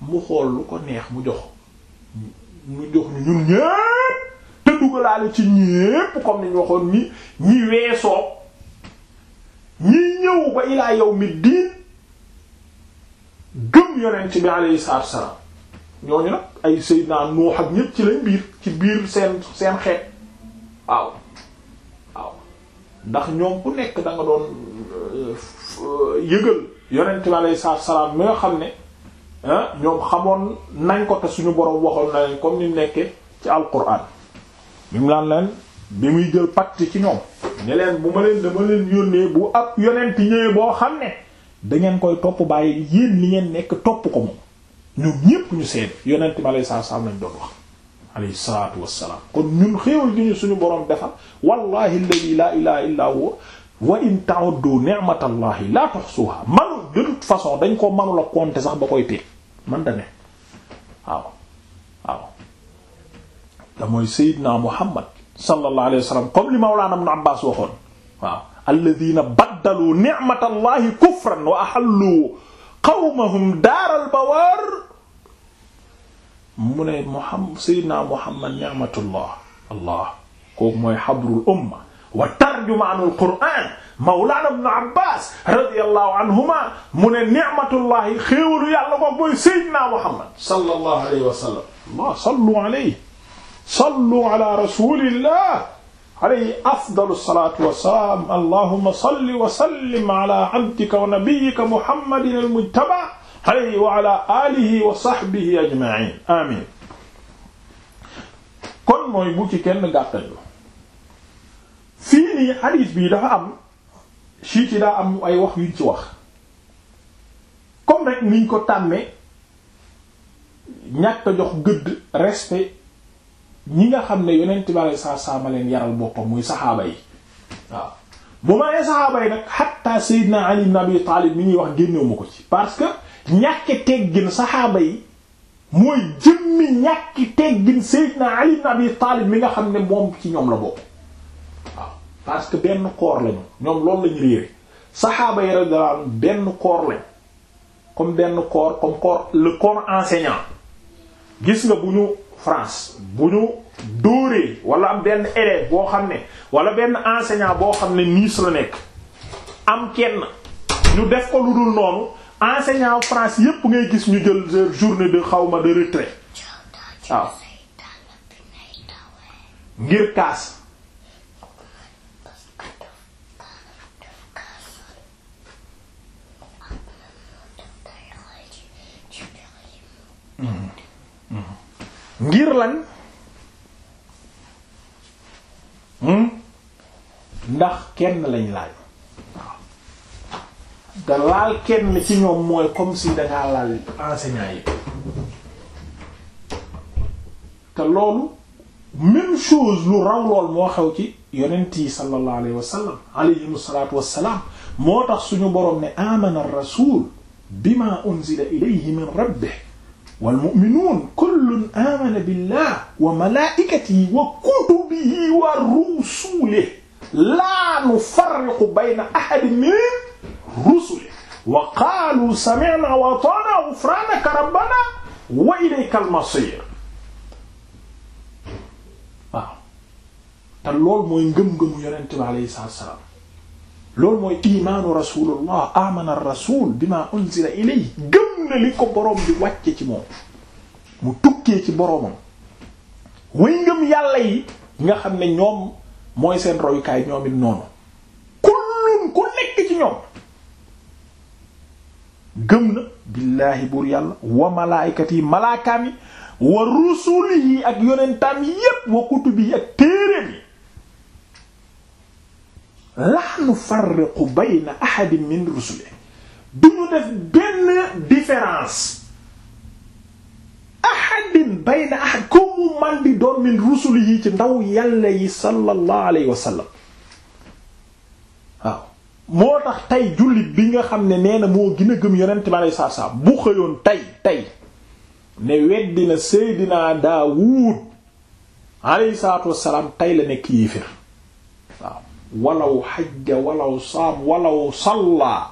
mu xool lu ko neex mu jox mu jox ñu ñun ñépp te dugalaale ci ñépp comme ni ñu waxoon ni ñi weesoo ñi ñëw ba ilaa yow mi diin gëm yonent bi alayhi salaatu salaam ñooñu nag ay Seydina Nuux ak ñépp ci lañ biir ci biir seen seen xeet waaw waaw ndax ku nekk da nga doon euh, yëgal yonent bi alayhi salaatu xam ne ñoom xamoon nañ ko te suñu borom waxoon na leen comme ni nekkee ci alquran bi mu naan leen bi muy jël pacte ci ñoom ne leen bu ma leen dama leen yónnee bu ab yonent ñëwee boo xam ne dangeen koy topp bàyyi yéen li ngeen nekk topp ko moom ñoom ñépp ñu seede yonent bi alayhi salaatu salaam lañ doon wax alayhi salaatu wassalaam kon ñun xéewal gi ñu suñu boroom defal wallahi alladhi la ilaha illa huwa wa in ta'uddu ni'matallahi la tuhsuha manu de toute façon dañ ko manula compter sax ba koy teg man da ne waaw waaw da mooy sayyidina muhammad sallallahu alayhi wa sallam comme li mawlana ibn abbas waxoon waaw alladhina baddalu ni'matallahi kufran wa ahallu qawmahum daaral bawaar mu ne Muhammad Seydina Muhammad ni'matullah allah kooku mooy habrul umma wa tarjumaanul qur'aan Mawlaana Ibn Abbaas radiyallahu anhuma mu ne ni'matullahi xéewalu yàlla ko mooy Seydina Muhammad sallallahu alayhi wa sallam allah sallu alayhi sallu ala rasulillah alayhi afdalu salaatu wa salaam allahumma salli wa sallim ala abdika wa nabiyyika Muhammadin al-mujtabaa alayhi wa ala alihi wa sahbihi ajma'in amin kon mooy bu ci kenn gàttal fii nii hadith bii dafa am sii ci daa am ay wax yuñ ci wax comme rek niñ ko tàmmee ñàkk a jox gëdd respect ñi nga xam ne yonent bale saa saa ma leen yaral boppam muy saxaaba yi waaw bu ma nee saxaaba yi nag hatta Seydina Ali ibn Abi Talib mi ñuy wax génnewuma ko ci parce que ñàkki teggin saxaaba yi mooy jëmmi ñàkki teggin Seydina Ali ibn bi Taalib mi nga xam ne moom ci ñoom la bokk parce que benn koor lañu ñoom loolu lañu réere saxaaba yi radiyallahu anhum benn koor lañ comme benn corps comme corps le corps enseignant gis nga bu ñu France bu ñu dóoree wala am benn élève boo xam ne wala benn enseignant boo xam ne niis la nekk am kenn ñu def ko lu dul noonu enseignant France yépp ngay gis ñu jël journée de xawma de retrait waaw ngir kaas hmm. Hmm. ngir lan hmm? ndax kenn lañ laaj nga laal kenn ci ñoom mooy comme si dangaa laal enseignant yi te loolu même chose lu raw lool moo xew ci yonent yi sallallahu alayhi wa sallam alayhim salaatu wassalaam moo tax suñu boroom ne amana ar-rasul bima unzila ilayhi min rabbih wal mu'minuun kullun amana billah wa malaa'ikatihi wa kutubihi wa rusulihi laa nufarriqu bayna ahadin min rusuli wa qaalu sami'na wa ata'na ghufranaka rabbana wa ilaykal masiir waaw te loolu mooy ngëm-ngëmu yonent bi alayhi salaatu wa salaam loolu mooy imaanu rasulullah amana rasul bima unzila ilayhi gëm na li ko boroom bi wàcce ci moom mu tukkee ci boroomam way ngëm yàlla yi nga xam ne ñoom mooy seen royukaay ñoom noonu kullun ku nekk ci ñoom gëm na billaahi buur yàlla wa malaayikat yi malaakaam yi wa rusuli yi ak yonentaam yépp wa kutubi yi ak téereem yi laa nufarriqu bayna ahadin min rusuli du ñu def benn différence ahadin bayna ahad comme man di doon min rusuli yi ci ndaw yàlla yi sallallahu alayhi wa sallam moo tax tey jullit bi nga xam ne nee na moo gën a gëm yonent bi aleyhi salaatu salaam bu xëyoon tey tey ne weddi na Seydina Daawuud aleyhi salaatu tey la nekk yéefér waaw walaw xajja walaw saam walaw salla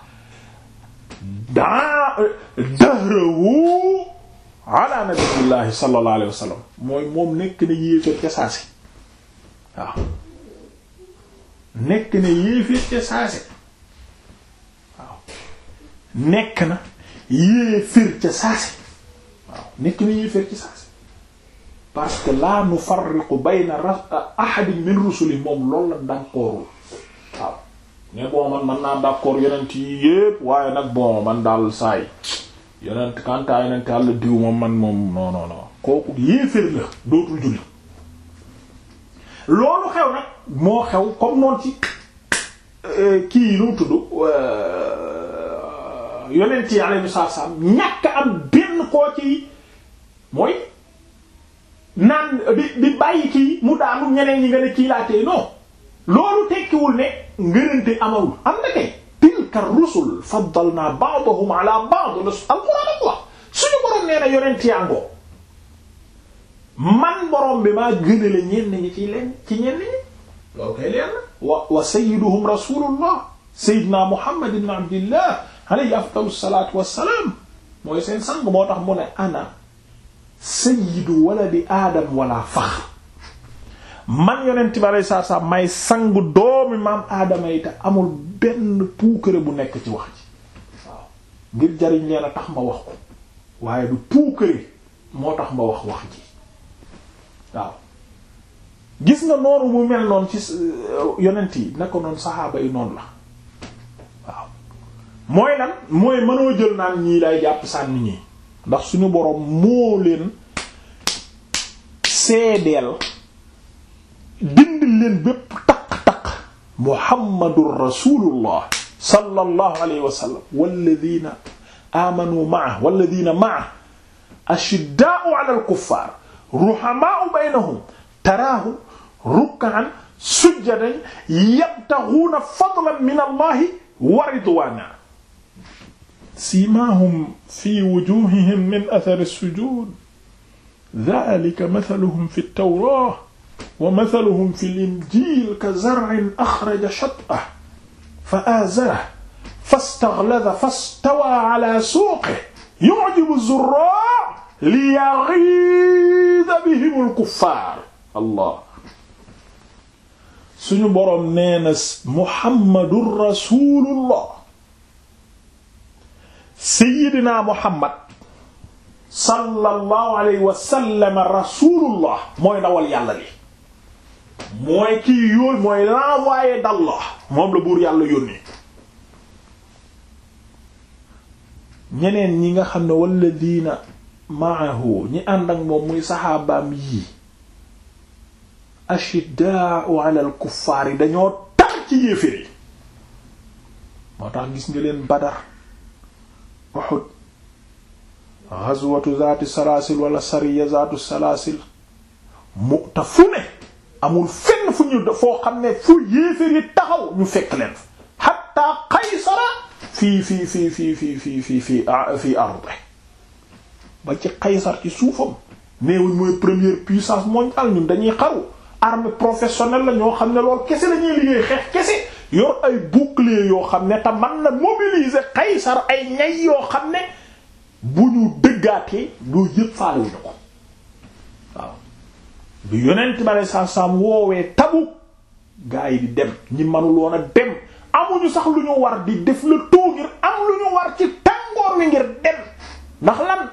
daa dahrahu ala nabiyillahi sallallahu alayhi wa nekk na yéeféer ca saase waaw nekk na yéeféer ca saase nekk na yéefér ca saasi waaw nekk na yéefér ca saasi parce que la nufarriqu bayna ahadin min rusuli moom loolu la d'accordul waaw ne bon man man naa d'accord yonent yi yépp waaye nag bon man daal saay yonent kantaa yonent àlla diw moom man moom non non non kooku la dootul julli loolu xew nag moo xew comme noonu ci euh, kii yi nu tudd euh, yonent yi alayhi salaam ñàkk am benn koo mooy naan di di bàyyi kii mu daanu ñeneen ñi nga ne kii laa tey non loolu tekkiwul ne ngërante amawul am na kay tilka rusul faddalna ba'dahum ala ba'd alquran ak wax suñu borom nee na yonent yàngoo man borom bi maa gënale ñenn ñi ci leen ci ñenn ñi loolu kay leer na wa wa sayyiduhum rasulullah sayyidina muhammad ibn abdillah alayhi afdalu salaatu wassalaam mooy seen sang moo tax mu ne ana sayyidu waladi aadam wala faxr man yonent bi alayhi salaatu wassalaam may sangu doomi maam aadama yi te amul benn puukare bu nekk ci wax ji waaw ngir jariñ leen a tax ma wax ko waaye du puukare moo tax ma wax wax ji waaw gis nga noonu mu mel noonu ci uh, yonent yi na ko saxaaba yi noonu la mooy lan mooy mënoo jël naan ñii lay jàpp sànni ñi ndax suñu boroom moo leen seedeel dindil leen bépp taq-taq muhammadur rasulullah sallallahu alayhi wa sallam walladina amanu maa walladina maa ashiddaa'u ala al-kuffaar ruhamaa'u baynahum taraahum ruk'an sujjadan yabtaghuuna fadlan min allahi wa ridwaana siimaahum fi wujuhihim min athari as-sujud dhalika mathaluhum fi at-tawrah wa mathaluhum fi al-injil ka zar'in akhraja shat'ahu fa azarahu fastaghladha fastawa ala suuqihi yu'jibu az-zurra'a liyaghidha bihim al-kuffar allah suñu boroom nee na muhammadur rasulullah sayyidina muhammad sallallahu alayhi wa sallam mooy ndawal yàlla li mooy kii yóon mooy l'envoyé d'Allah moom la buur yàlla yónnee ñeneen ñi nga xam ne walladina maahu ñi ànd ak moom muy saxaabaam yii ashiddaa'u ala al kuffaar yi dañoo tar ci yéeféer yi moo tax gis nga leen badar Uhud ghazwatu zaati salaasil wala sariya zaatu salaasil mu te fu ne amul fenn fu ñu foo xam ne fu yéeféer yi taxaw ñu fekk leen hatta Qaysara fii fi fii fii fii fii fii fii fii arde ba ci Qaysar ci suufam neewuñ mooy première puissance mondiale ñun dañuy xaru armée professionnelle la ñoo xam ne lool kese lañuy ñuy liggéey xeex kese yor ay bouclier yoo xam ne te man na mobiliser Qaysar ay ñay yoo xam ne bu ñu dëggaatee doo yëpp faale wuñu ko waaw bi yonent ma ne saam woowee tabu gaa di dem ñi manuloon dem amuñu sax lu ñu war di def la too ngir am lu ñu war ci tàngoor wi ngir dem ndax lan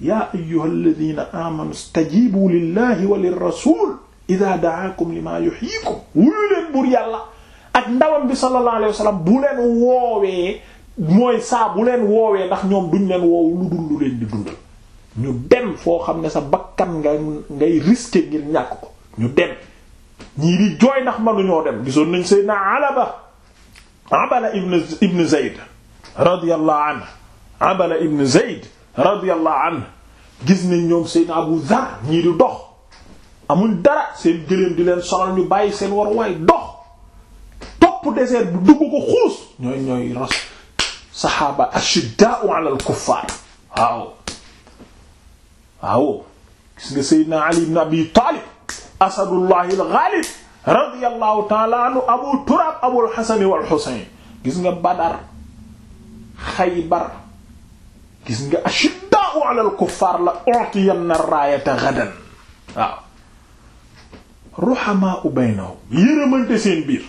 yaa ayyuha alladina amanu stajibu lillahi wa lirrasul ida daakum lima yuhyikum wuyu leen buur yàlla ak ndawal bi sallallahu alayhi wa sallam bu leen woowee mooy saa bu leen woowee ndax ñoom duñ leen woowu lu dul lu leen di dundal ñu dem foo xam ne sa bakkan nga ngay risquer ñàkk ko ñu dem ñii di jooy ndax mënuñoo dem gisoon nañ Seydina Alaba Abala ibn ibn Zayd radiyallahu anhu Abala ibn Zayd radiyallahu anhu gis nañ ñoom Seydina Abu Zar ñii di dox amuñ dara seen gëléem di leen sonal ñu bàyyi seen waruwaay dox bopp désert bu dugg ko xuus ñooy ñooy ras saxaaba ashidda'u 'ala al-kuffar waaw waaw gis nga Seydina Ali ibn Abi Talib asadullahi al-ghalib radiyallahu ta'ala anhu Abu Turab Abul Hasan wal Husayn gis nga Badar Xaybar gis nga ashidda'u 'ala al-kuffar la u'tiyanna ar-rayata ghadan waaw ruhamaa baynahum yërëmante seen biir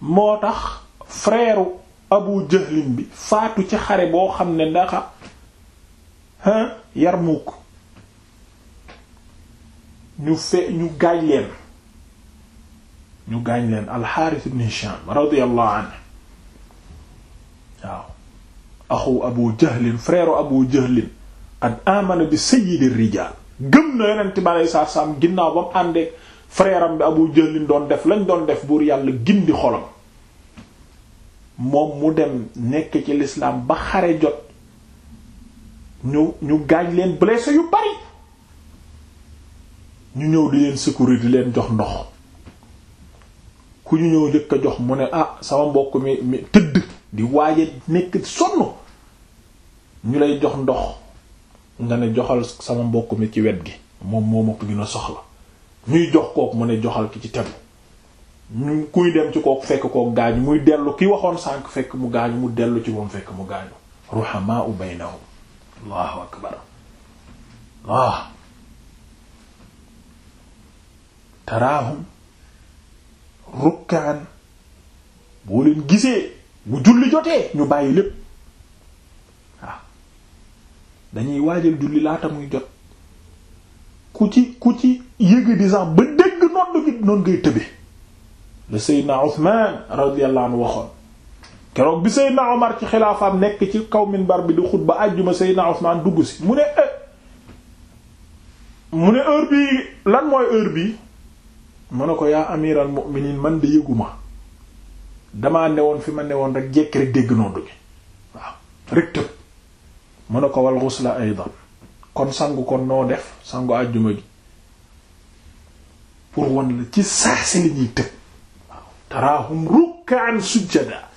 moo tax frère abu jahlin bi faatu ci xare boo xam ne ndaxa hein Yarmuk ñu fe ñu gaañ leen ñu gaañ leen alxaaris ibn hisham radiallahu anhu waaw axu abu jahlin frère abu jahlin qad amana bi sayyidi rijaal gëm na yonent bi aleyhi salaatu salaam ginnaaw ba àndeek frère am bi Abu Jahl doon def lañ doon def buur yàlla gindi xolam moom mu dem nekk ci lislaam ba xare jot ñu ñu gaañ leen blessé yu bari ñu ñëw di leen secourir leen jox ndox ku ñu ñëw jëkk a jox mu ne ah sama mbokk mi mi tëdd di waaje nekk sonn ñu lay jox ndox nga ne joxal sama mbokk mi ci wet gi moom moo ma ko soxla ñuy jox kook mu ne joxal ki ci tegu ñu kuy dem ci kook fekk kook gaañu muy dellu ki waxoon sànk fekk mu gaañu mu dellu ci moom fekk mu gaañu ruhamaa u baynahum allahu akbar allah taraahum rukkaan boo leen gisee bu julli jotee ñu bàyyi lépp waaw ah. dañuy waajal julli laata muy jot ku ci ku ci yëga di sax ba dégg nodd gi noonu ngay tëbe le Seydina Uthman radiyallahu anhu waxoon keroog bi Seydina Omar ci xilaafaam nekk ci kaw bar bi di xutba àjjuma Seydina Uthman dugg si mu ne eh. mu ne heure lan mooy heure bii mu ne ko yaa amiral mu'minin man de yëguma damaa newoon fi ma woon rek jekk rek dégg nodd gi waaw rek tëb mu ne ko wal ghusla aydan kon sangu kon noo def sangu àjjuma pour wan la ci saa si la waaw taraahum rukkaan sujjada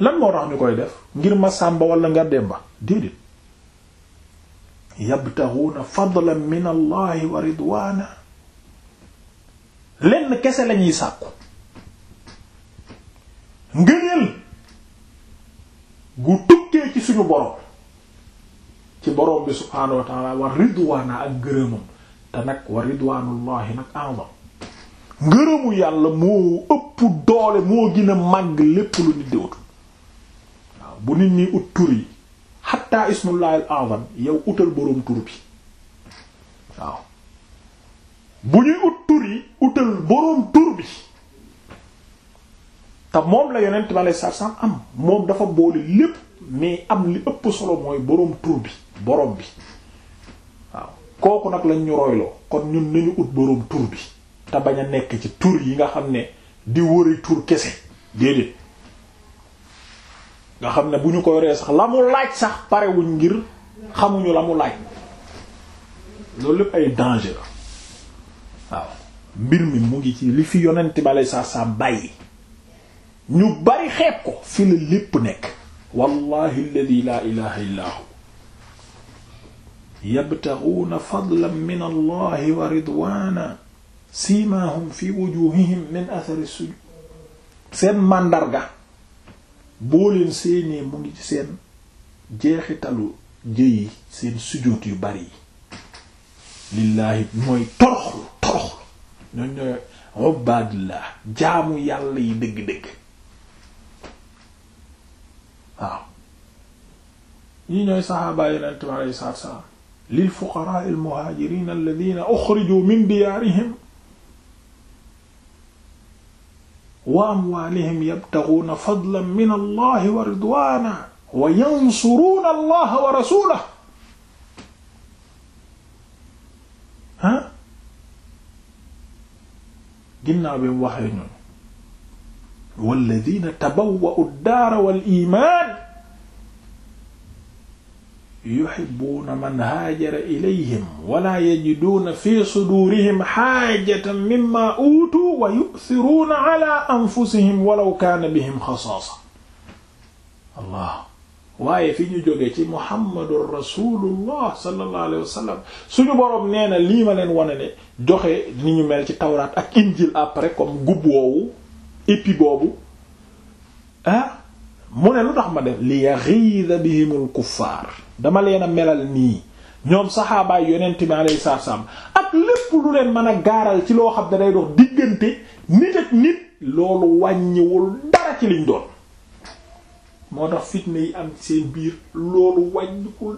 lan moo tax ñu koy def ngir ma sàmba wala nga demba déedéet yabtaxuuna fadlan min allahi wa ridwaana lenn kese lañuy sàkku ngëneel gu tukkee ci suñu boroom ci boroom bi subhaanahu wa taala wa ridwaana ak gërëmam te nag wa ridwaanullahi nag a'zam ngërëmu yàlla moo ëpp doole moo gën a màgg lépp lu nit di ut waaw bu nit ñi ut tur yi xatta ismullahi al yow utal boroom tur bi waaw bu ñuy ut tur yi utal boroom tur bi te moom la yonent ma lay sarsam am moom dafa boole lépp mais am li ëpp solo mooy boroom tur bi boroom bi kooku nag lañ ñu royloo kon ñun nañu ut boroom tur bi te bañ a nekk ci tur yi nga xam ne di wëri tur kese déedéet nga xam ne bu ñu koy ree sax la mu laaj sax parewuñ ngir xamuñu la mu laaj loolu lépp ay danger la waaw mbir mi mu ngi ci li fi yonent bale saa saa bàyyi ñu bari xeeb ko fi la lépp nekk wallahi alladhi la ilaha illa hu yabtaxuuna fadlan min allahi wa ridwaana siimaahum fi wujuhihim min athari sujud seen màndarga boo leen seenee mu ngi ci seen jeexitalu jëyi seen sujjóot yu bari yi lillaahi mooy toroxlu toroxlu ñooñ ñooy ubaadillah jaamu yàlla yi dëgg-dëgg waaw ñii ñooy saxaabaa yonent mi alayhi salaatu lil fuqaraa al muhaajiriin alladiina uxrijuu min diyaarihim wa amwaalihim yabtaghuuna fadlan min allahi wa ridwaanan wa yansuruuna allaha wa rasuulahu ah ginnaaw bi mu waxee ñun walladiina tabawwa'u ad-daara wal iimaan yuhibbuuna man haajara ilayhim wala yajiduuna fi suduurihim haajatan mimmaa uutuu wa yu'thiruuna ala anfusihim walaw kaana bihim xasaasa allah waaye fi ñu jóge ci muhammadur rasulullah sallallahu alayhi wa sallam suñu boroom nee na lii ma leen wane ne joxe ni ñu mel ci tawraat ak injil après comme gub woowu épi boobu ah mu ne lu tax ma def li yaxiida bihimul kuffaar dama leen a melal nii ñoom saxaabaay yonent bi alayhi salaam ak lépp lu leen mën a gaaral ci loo xam ne day dox diggante nit ak nit loolu wàññiwul dara ci doon moo tax fitne yi am seen biir loolu wàññiwul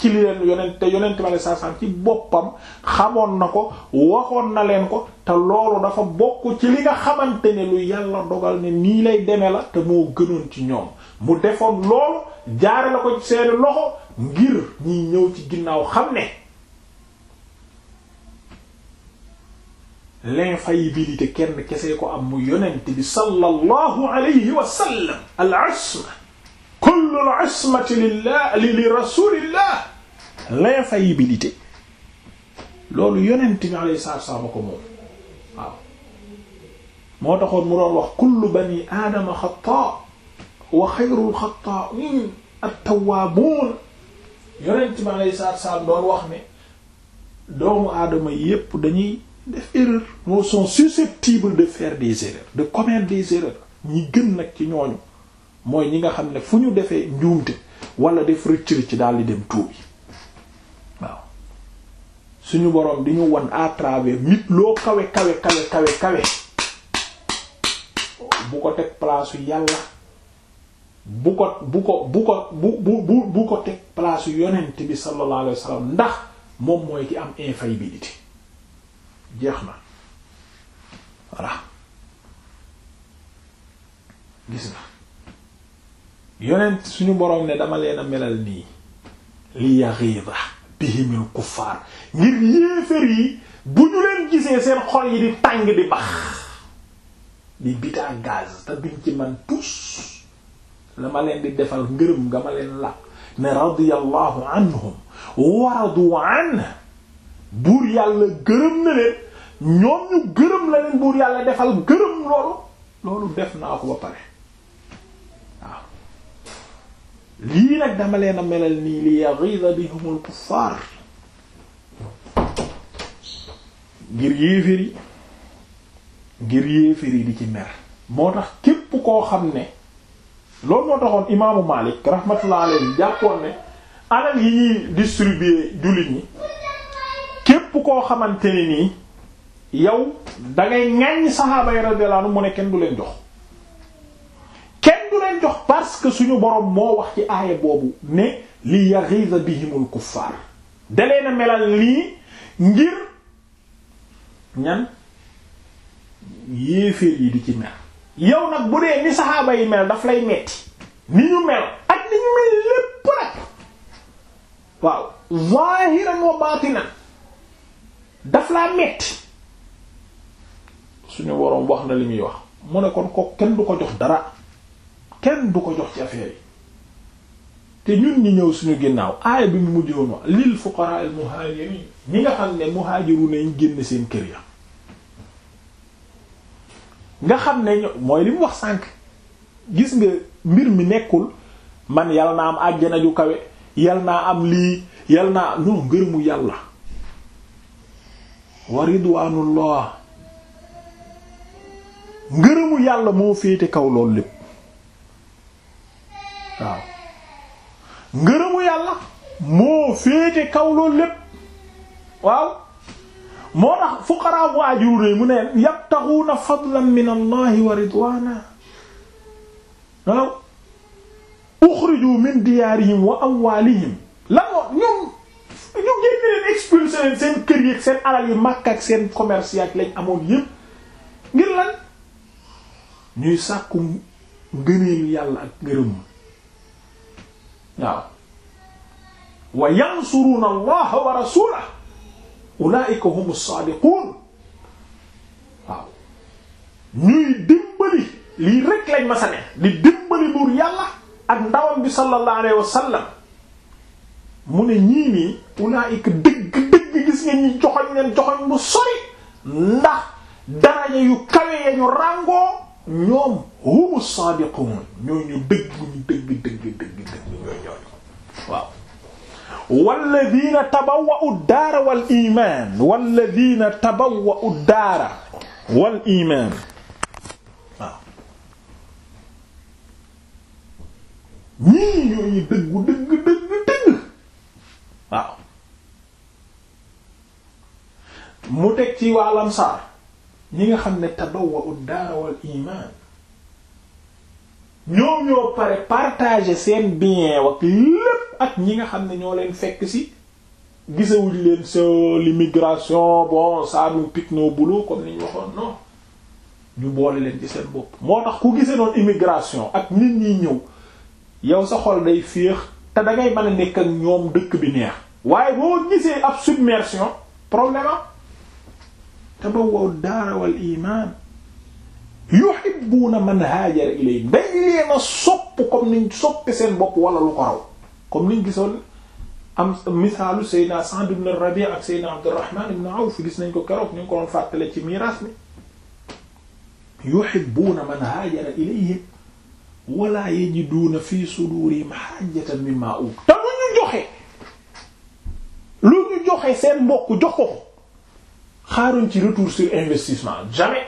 ci li leen te yonent bi alayhi salaam ci boppam xamoon na ko waxoon na leen ko te loolu dafa bokk ci li nga xamante ne lu yàlla dogal ne nii lay deme la te moo gënoon ci ñoom mu defoon loolu jaare la ko seeni loxo ngir ñiy ñëw ci ginnaaw xam ne l'infaillibilité kenn kese ko am mu yonent bi sallallahu alayhi wa sallam al alayhi salaatu wasallam moom waaw moo taxoon mu doon wax kullu bani aadama xataa wa xayrul xattaa'uun at-tawwaabuun yonent bi alayhi salaatu salaam doon wax ne doomu aadama yépp dañuy def erreur ñoo sont de faire des erreurs de commettre des erreurs ñi gën nag ci ñooñu mooy ñi nga xam ne fu ñu defee njuumte wala def rëcc rëcc daal di dem tuubi waaw suñu boroom di ñu won à travers nit loo kawe kawe kawe kawe kawe bu ko teg palaasu yàlla bu ko bu ko bu ko bu bu bu ko teg place yonent bi sallallahu alayhi wasallam ndax moom mooy ki am infaillibilité jeex na voilà gis na yonent suñu boroom ne dama leen a melal nii li yaghidha bihimil kuffaar ngir yéefar yi bu ñu leen gisee seen xol yi di tàng di bax di bita gaz te duñ ci man tous la ma leen di defal ngërëm nga ma leen làq ne radiyallahu anhum waradu an buur yàlla gërëm na leen ñoom ñu gërëm la leen buur yàlla defal gërëm loolu loolu def naa ko ba pare waaw lii nag dama leen a melal nii li yaghidha bihumul kuffar ngir yéeféri ngir yéeféri di ci mer moo tax képp koo xam ne loolu moo taxoon imaamu Malik rahmatullah jàppoon ne alal yi ñuy distribuer jullit ñi képp koo xamante ne nii yow da ngay ŋaññ saxaaba yi mu ne kenn du leen jox kenn du leen jox parce que suñu boroom moo wax ci aaya boobu ne li yaghiza bihimul kuffar dalee na melal lii ngir ñan yéeféer yi di ci mer yow nag bu dee ni saxaaba yi mel daf lay metti ni ñu mel ak ni ñu mel lépp nag waaw zaahiran wa baatinan daf laa metti suñu woroom wax na li muy wax mu ne kon ko kenn du ko jox dara kenn du ko jox ci affaire te ñun ñi ñëw suñu ginnaaw aaya bi mu mujjoon wax lil fuqara al muhajirin ñi nga xam ne mu muhajiru nañ génn seen kër ya nga xam ne mooy li mu wax sànq gis nga mbir mi nekkul man yal naa am àjjana ju kawe yal na am lii yal naa non ngërëmu yàlla wa ridwaanullah ngërëmu yàlla moo féete kaw loolu lépp waaw ngërëmu yàlla moo féete kaw loolu lépp waaw moo tax fuqaraa waajur yi mu ne yabtaxuuna fadlan min allahi wa ridwaana waaw uxriju min diyaarihim wa amwaalihim lan moo ñoom ñu génn leen expulsé leen seen kër yi ak seen alal yi Makka ak seen commerce yi ak lañ amoon yépp ngir lan ñuy sàkku ngëneelu yàlla ak ngërëm waaw wa yansuruuna allaha wa rasuulahu ulaa'ika humu saadiquun waaw ñuy dimbali lii rek lañ ma sa dimbali buur yàlla ak ndawam bi sallallahu alayhi wa mu ne ñii nii ulaa'ika dëgg dëgg gis ngeen ñi joxoñ leen joxoñ mu sori ndax daraja yu kawe ya ñu ràngoo ñoom humu saadiquun ñoo ñu dëgg ñu dëgg dëgg walladina tabawwa'u daara wal iman walladina tabawwa'u daara wal iman waaw ñii ñooñu dëggu dëgg dëgg dëgg waaw mu teg ci waa Ansaar ñi nga xam ne tabawwa'u daara wal iman ñoom ñoo pare partager seen bien wak lépp ak ñi nga xam ne ñoo leen fekk si gisawuñ leen sa limigration bon ça nous pique comme ni ñu waxoon non ñu boole leen ci seen bopp moo tax ku gisee noonu immigration ak nit ñi ñëw yow sa xol day féex te da ngay a nekk ak ñoom dëkk bi neex waaye boo gisee ab submersion problème am tabawwaw daara wal iman yuhibbuna man haajara ilayhim dañ leen a sopp comme niñ soppe seen bopp wala lu ko raw comme niñ gisoon am misaalu Seydina Sa'd ibn Rabi' ak Seydina Abdurrahman ibn Awf gis nañ ko keroog ñu ngi ko doon fàttale ci miiraas mi yuhibbuuna man haajara ilayhim wala yajiduuna fi sudurihim haajatan mimmaa uutu te lu ñu joxe lu ñu joxe seen mbokk jox ko xaaruñ ci retour sur investissement jamais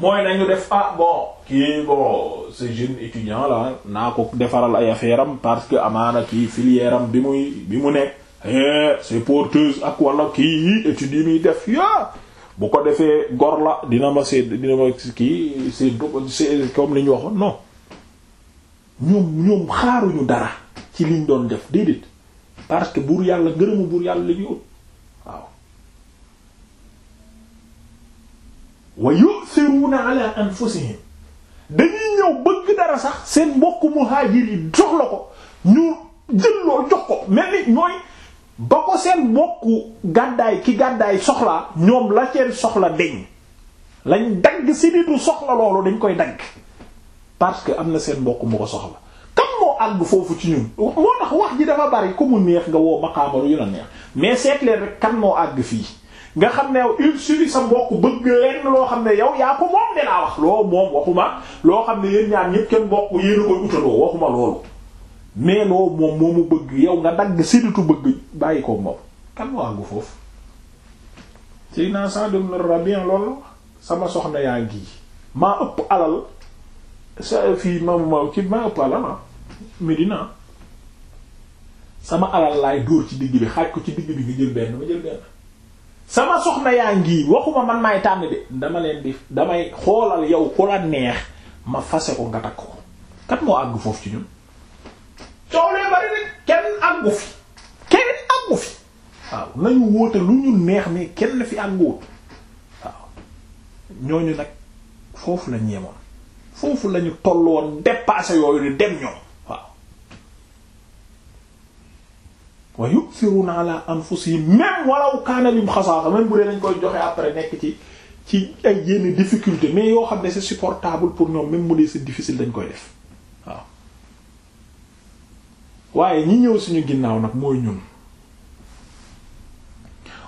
mooy nañu def ah bon kii bon ce jeune étudiant là naa ko defaral ay affaire am parce que amaana kii filière bi muy bi mu nekk eh, c'est porteuse ak wala kii études yi muy def ya bu ko defee gor la dina ma sédd dina ma kii sédd comme li ñu waxoon non ñoom ñoom xaaruñu dara ci liñ doon def déedéet parce que buur yàlla ngërëmu buur yàlla li ñu waaw wa yu'thiruna ala anfusihim dañuy ñëw bëgg dara sax seen mbokku muhaajir yi soxla ko ñu jëlloo jox ko mel ni ñooy ba ko seen mbokku gàddaay ki gàddaay soxla ñoom la seen soxla deñ lañ dagg si nitu soxla loolu dañ koy dagg parce que am na seen mbokk mu ko soxla kam moo àgg foofu ci ñun moo tax wax ji dafa bari ku mu neex nga woo maqaamalu yu la neex mais seet leen rek kan moo àgg fii nga xam ne yow il suffit sa mbokk bëgg lenn loo xam ne yow yaa ko moom de laa wax loo moom waxuma loo xam ne yéen ñaar ñépp kenn mbokk yéen a koy utandoo waxuma loolu mais loo moom moomu bëgg yow nga dagg sédditu bëgg bàyyi ko moom kan moo àggu foofu Seydina Sa'd ibn Rabi' loolu sama soxna yaa ngi maa ëpp alal sa fii ma ma ci ëpp alal ah Medina sama alal laay dóor ci digg bi xaaj ko ci digg bi nga jël benn ma jël benn sama soxna yaa ngi waxuma man maay tànn de dama leen di damay xoolal yow ku la neex ma fase ko nga takk ko kat moo àgg foofu ci ñun coolee bari rek kenn àggu fi kenn àggu fi waaw nañu wóote lu ñu neex mais kenn fi àgguwut waaw ñooñu nag foofu la ñeemoon foofu lañu tolloon dépassé yooyu di dem ñoom wa yu'thiruna ala anfusihim même walaw kaana lim xasaasa même bu dee dañ koy joxe après nekk ci ci ay yenn difficulté mais yoo xam ne c'est supportable pour ñoom même mu dee c'est difficile dañ koy def waaw waaye ñi ñëw suñu ginnaaw nag mooy ñun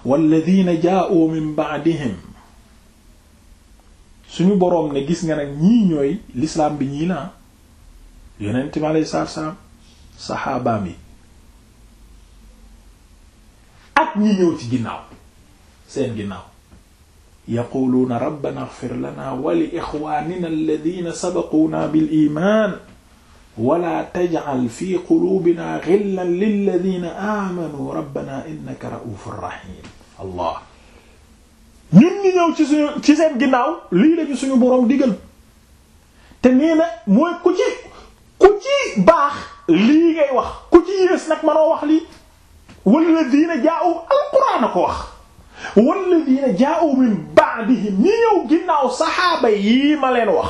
walladina jaa'u min ba'dihim suñu boroom ne gis nga nag ñii ñooy l'islam bi ñii la yonent mi alayhi salaam saxaabaam yi ak ñi ñëw ci ginnaaw seen ginnaaw yaquluuna rabbana ighfir lana wa li ikhwanina alladhina sabaquna bil iman wala taj'al fi qulubina ghillan lilladhina amanu rabbana innaka ra'ufur rahim allah ñun ñi ñëw ci suñu ci seen ginnaaw lii lañu suñu boroom digal te nee na mooy ku ci ku ci baax lii ngay wax ku ci yées nag manoo wax lii walladina jaa'u alquran ko wax walladina jaa'u min ba'dihim ñi ñëw ginnaaw saxaaba yii ma leen wax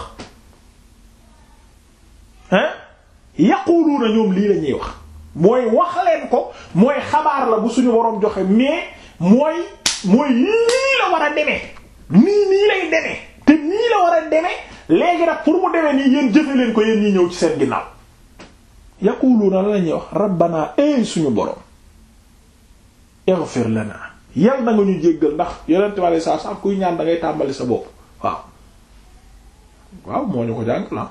ah yaquluuna ñoom lii la wax mooy wax ko mooy xabaar la bu suñu boroom joxe mais mooy mooy nii la war a demee nii nii lay demee te nii la war a demee léegi nag pour mu demee nii yéen jëfe leen ko yéen ñi ñëw ci seen ginnaaw yaquluuna la la ñuy wax rabbana ay suñu boroom ighfir lana yal na nga ñu jéggal ndax yonent bi saa sax kuy ñaan da ngay tàmbali sa bopp waaw waaw moo ñu ko jàngal ah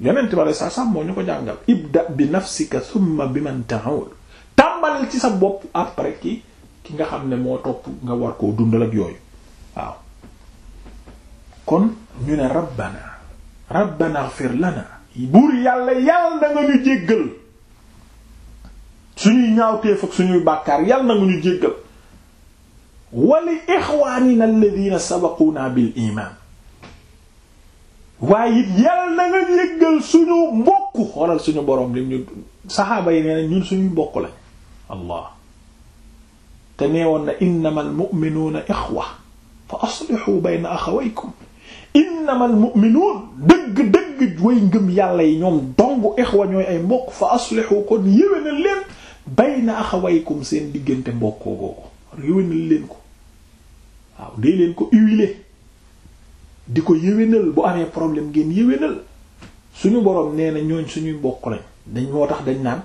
yonent bi saa sax moo ñu ko jàngal ibda bi nafsika thumma bi man ta'ul tàmbalil ci sa bopp après ki ki nga xam ne moo topp nga war koo dundal ak yooyu waaw kon ñu ne rabbana rabbana ighfir buur yàlla yàlla na nga ñu jéggal suñuy ñaawteef ak suñuy bàkkaar yal na ñu jéggal wali ixwaanina alladina sabaquuna bil iman waaye it yal nga jéggal suñu borom lim ñu saxaaba yi nee na ñun suñuy mbokk lañ allah te neewoon na innama fa aslixu bayna axawaykum innama almuminuun dëgg dëgg way ngëm yàlla ñoom dong ixwa ñooy ay mbokk fa aslixu kon yéwénal leen bayna axawaykum seen diggante mbokkoo googu yéwénal leen ko waaw dee leen ko huiler di ko yéwénal bu amee problème ngeen yéwénal suñu boroom nee ñooñ suñuy mbokk lañ dañ moo tax dañ naan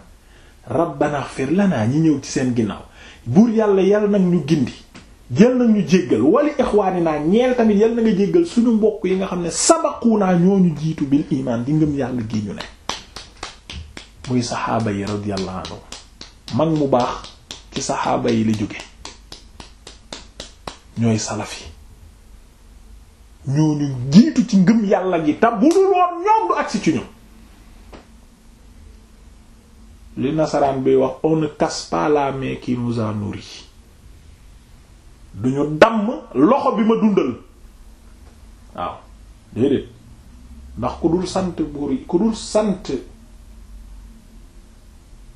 rabbana ighfir naa ñi ñëw ci seen ginnaaw buur yàlla yàlla nag ñu gindi jël nag ñu jéggal wali ikhwanina ñeel tamit yàlla na nga jéggal suñu mbokk yi nga xam ne sabaquna ñooñu jiitu bil iman di ngëm yàlla gi ñu ne muy saxaaba yi radiyallahu anhu mag mu baax ci saxaaba yi la jóge ñooy salafi yi ñooñu jiitu ci ngëm yàlla gi te bu dul woon ñoom du agsi ci ñoom li nasaraan bi wax on ne casse pas la main duñu damm loxo bi ma dundal waaw déedéet ndax ku dul sant buur yi ku dul sant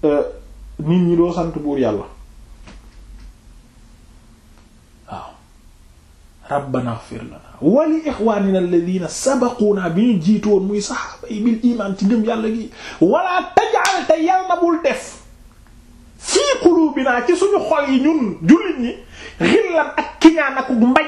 euh, nit ñi doo sant buur yàlla waaw rabbana ighfir lana wa li ikhwanina bi ñu jiitoon muy saxaaba yi bil iman ci ngëm yàlla gi wala taj'al te yàlla bul def fii qulubina ci suñu xol yi ñun jullit ñi xillan ak kiñaan ak mbañ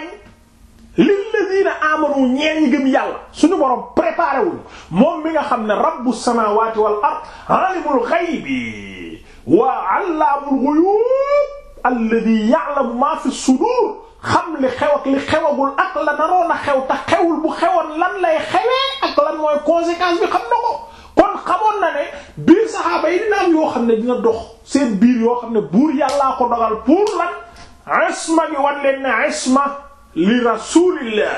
lilladina amanu ñeen ñi gëm yàlla suñu borom préparé wul moom mi nga xam ne rabbu samawati wal ard alimul ghaibi waa allaamul ghuyub alladhi ya'lamu ma fi sudur xam li xew ak li xewagul ak la naroon a xew te xewul bu xewoon lan lay xewee ak lan mooy conséquence bi xam na ko kon xamoon na ne biir saxaaba yi dina am yoo xam ne dina dox seen biir yoo xam ne buur yàllaa ko dogal pour lan isma bi wan leen ne isma li rasulillah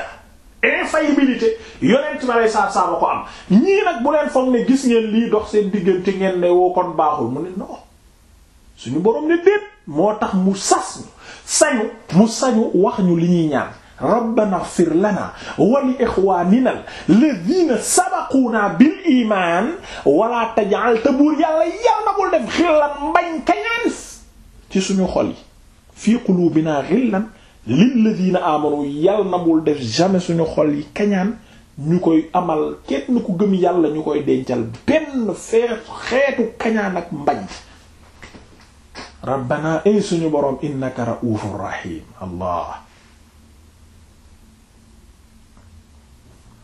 infaillibilité yonent ma lay saa saa ko am ñii nag bu leen foog ne gis ngeen lii dox seen diggante ngeen ne woo kon baaxul mu ne suñu borom ne déet moo tax mu sas ñu sañu mu sañu wax ñu li ñuy ñaan rabbana ighfir lana wa li ikhwanina sabaquna bil iman wala taj'al te buur yàlla yàlla na bul def xillan mbañ kañaan ci suñu xol yi fii qulubina xillan lilladhina amanu yàlla na bul def jamais suñu xol yi kañaan ñu koy amal kenn ku gëm yàlla ñu koy dencal benn feetu xeetu kañaan ak mbañ rabbana ay suñu boroom innaka ra'ufur rahim allah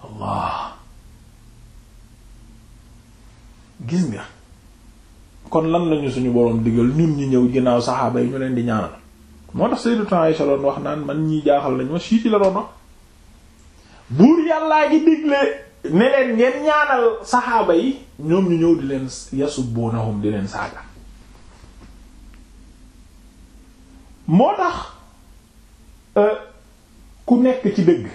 allah gis nga kon lan lañu suñu boroom digal ñun ñi ñëw ginnaaw saxaaba yi ñu leen di ñaanal moo tax Sayyidatu Aisha doon wax naan man ñi jaaxal nañu ma siiti la doon wax buur yàllaa gi digle ne leen ngeen ñaanal saxaaba yi ñoom ñu ñëw di leen yasubunahum di leen saaga moo tax euh, ku nekk ci dëgg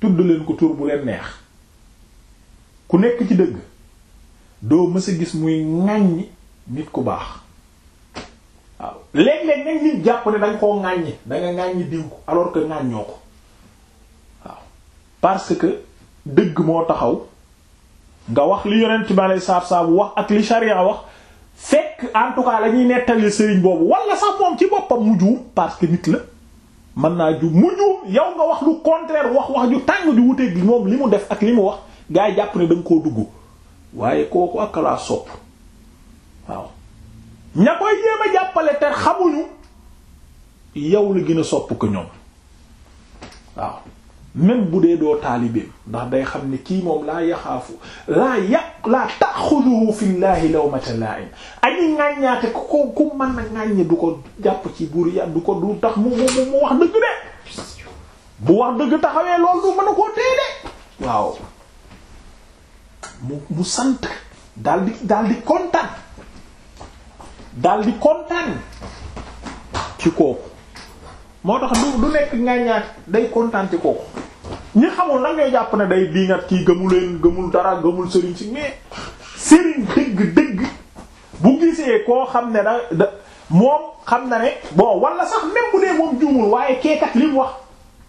tudd leen ko tur bu leen neex ku nekk ci dëgg doo mës a gis muy ŋàññi nit ku baax waaw léeg-léeg nag nit jàpp ne danga koo ko alors que ŋàññoo ko waaw parce que dëgg moo taxaw nga wax li yonent bi alei saatu wax ak li sharia wax fekk en tout cas la nettali sëriñ boobu wala sax moom ci boppam mu juum parce que nit la mën naa ju mu juum yow nga wax lu contraire wax wax ju tàng di wuteeg li moom li mu def ak li mu wax gaa jàpp ne da koo dugg waaye kooku ak laa sopp waaw ña koy jéem a jàppale te xamuñu yow la gën a sopp ko ñoom waaw même bu dee doo taalibeem ndax day xam ne kii moom laa yaxaafu laa yàq laa taxuduhu fillaahi lawmata laa'im añi ŋàññaate ku ko ku mën na ŋàññe du ko jàpp ci buur ya du ko du tax mu mu mu wax dëgg de bu wax dëgg taxawee loolu du mën a koo tee de waaw mu mu sant dal di daal di kontaan daal di kontaan ci kooku moo tax du du nekk ngaañaat day kontaan ci kooku ñi xamul nag ñooy jàpp na day diingat kii gëmu gëmul dara gëmul sëriñ si mais sëriñ dëgg dëgg bu gisee koo xam ne da da moom xam na ne bon wala sax même bu moom juumul waaye keekat li mu wax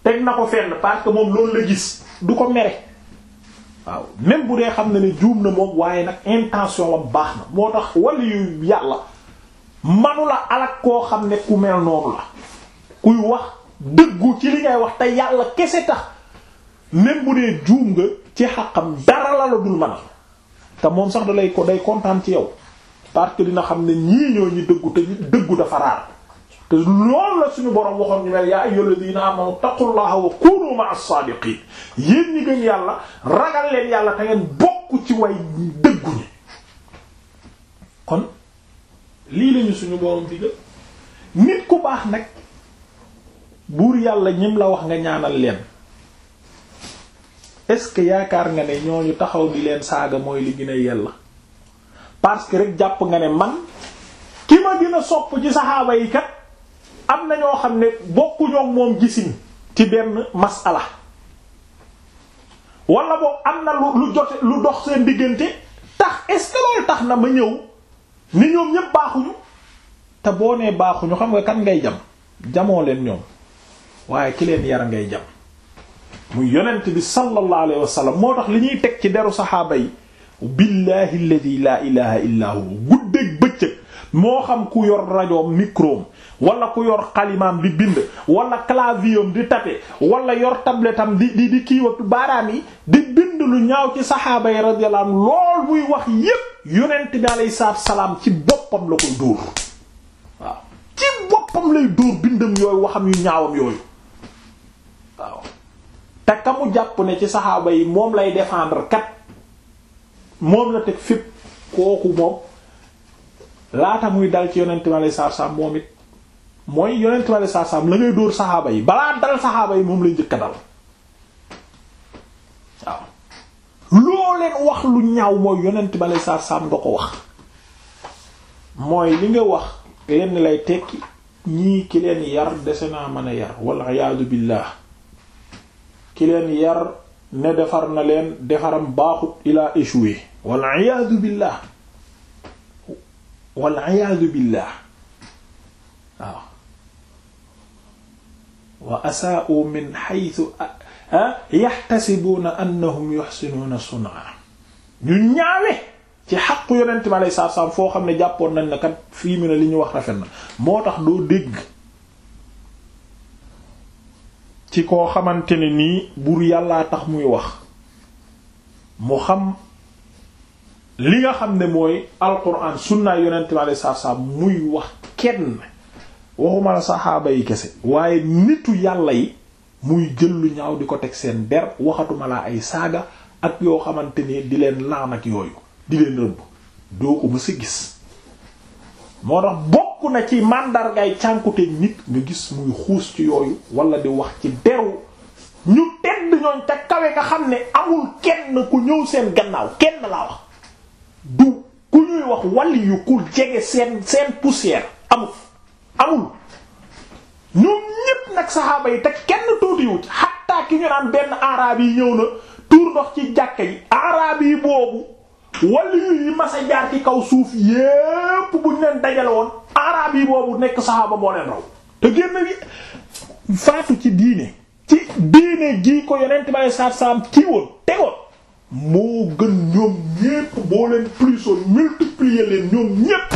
teg na ko fenn parce que moom loolu la du ko mere waaw même bu dee xam na ne juum na moom waaye nag intention wam baax na moo tax wala yu yàlla manu la koo xam ne ku mel noonu la kuy wax dëggu ci li ngay wax te yàlla kese tax même bu dee juum nga ci xaqam dara la la dul mën te moom sax da lay ko day kontaan ci yow parce que dina xam ne ñii ñoo ñu dëggu te dëggu dafa raar te loolu la suñu borom waxoon ñu mel yaa ayyuhal ladina amanu taqullaha wa kunu ma'as sadiqin yéen ñi gëm yàlla ragal leen yàlla te ngeen bokk ci way dëggu ñi kon lii lañu suñu borom digal nit ku baax nag buur yàlla ñim la wax nga ñaanal leen est yaakaar nga ne ñooñu taxaw bi leen saaga mooy li gën a yella parce que rek jàpp nga ne man ki ma gën a sopp ci saxaaba yi kat am na ñoo xam ne bokkuñoo moom gisin ci benn masala wala boobu am na lu lu jote lu dox seen diggante tax est loolu tax na ma ñëw ni ñoom ñépp baaxuñu te boo nee baaxuñu xam nga kan ngay jam jamoo leen ñoom waaye ki leen yar ngay jam muy yonent bi sallallahu alayhi wa moo tax li ñuy teg ci deru saxaaba yi billahi alladi laa hu guddeeg bëccëg moo xam ku yor rajoom microom walla ku yor xalimaam di bind wala clavieram di taper wala yor tabletam di di kiiwatu baaraam yi di bind lu ñaaw ci saxaaba yi radiyallahu anhu lool muy wax yépp yonent bi alayhi salaatu salaam ci boppam la koy dóor waaw ci boppam lay dóor bindam yooyu waxam yu ñaawam yooyu waaw te mu jàpp ne ci saxaaba yi moom lay défendre kat moom la teg fépp kooku moom laata muy dal ci yonent ma lay sarsam moom it mooy yonent ma lay sarsam la ngay dóor saxaaba yi balaa dal saxaaba yi moom lay njëkk a dal waaw wax lu ñaaw mooy yonent ma lay sarsam nga ko wax mooy li nga wax lenn lay tekki ñii ki leen yar dese naa mën a yar walla iyaadu billah ki leen yar ne defar na leen defaram baaxut ilaa échoué wal iyaadu billah wal iyaadu billah waaw wa asaa'u min haythu yahtasibuuna annahum yuhsinuuna sun'a ñu ñaawe ci xaqu yonent bi alayhi salaam foo xam ne jàppoon nañ ne kat fii mu ne li ñu wax rafet na moo tax doo dégg ci koo xamante ne nii buur yàlla tax muy wax mu xam li nga xam ne mooy alquran sunna yonent bi alei satu salaam muy wax kenn waxuma la saxaaba yi kese waaye nitu yàlla yi muy jël lu ñaaw di ko teg seen der waxatuma laa ay saaga ak yoo xamante ni di leen laan ak yooyu di leen rëbb doo ko mës a gis moo tax bokk na ci màndargaay cànkute nit nga gis muy xuus ci yooyu wala di wax ci deru ñu tedd ñooñ ca kawe nga xam ne amul kenn ku ñëw seen gannaaw kenn laa wax du ku ñuy wax wàll yu ku jege seen seen poussière amul amul ñoom ñépp nag saxaaba yi te kenn tuutiwu ci xattaa ki ñu naan benn araab yi ñëw na tuur ndox ci jàkka yi araab yi boobu waliyu yi mas a jaar ci kaw suuf yépp buñ leen dajale woon araab boobu nekk saxaaba moo leen raw te génn yi faatu ci diine ci diine gii ko yonent bàyyi saab-saam kii woon tegoon moo gën ñoom ñépp boo leen plusoon multiplier leen ñoom ñépp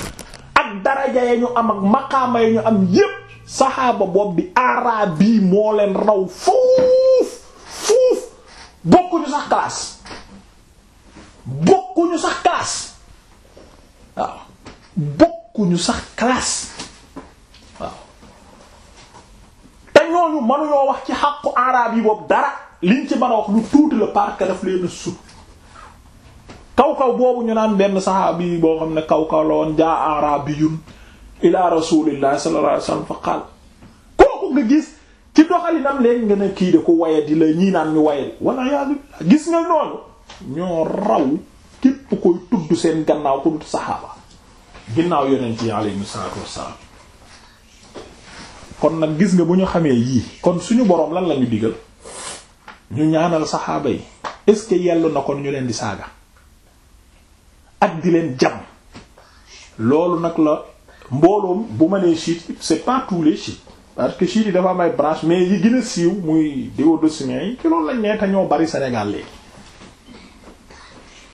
ak daraja ya ñu am ak maqaama ya ñu am yépp saxaaba boobu bi araab yi moo leen raw fuuf fuuf bokkuñu sax classe bokkuñu sax classe waaw bokkuñu sax classe waaw wax ci xàqu araab a wax lu tuuti boobu ñu naan benn saxaabi boo xam ne kaw kaw la woon jaa arabiyun ila rasulillahi sallallahu alayhi wasallam fa kooku nga gis ci doxalinam léegi nga kii de ku waya di la ñii naan ñu waya di walla yaa gis nga noonu ñoo raw képp koy tudd seen gannaaw ku dul saxaaba ginnaaw yonent yi alayhi salaatu wassalaam kon nag gis nga bu ñu xamee yii kon suñu boroom lan lañu digal ñu ñaanal saxaaba yi est-ce que yellu na ko ñu leen di saaga ak di leen jam loolu nag la mbooloom bu ma nee chiite c'est pas tous les chiites parce que chiites yi dafa am ay branche mais yi gën siiw muy déwénu Sénégal yi ci loolu lañ ne ñoo bari Sénégal léegi.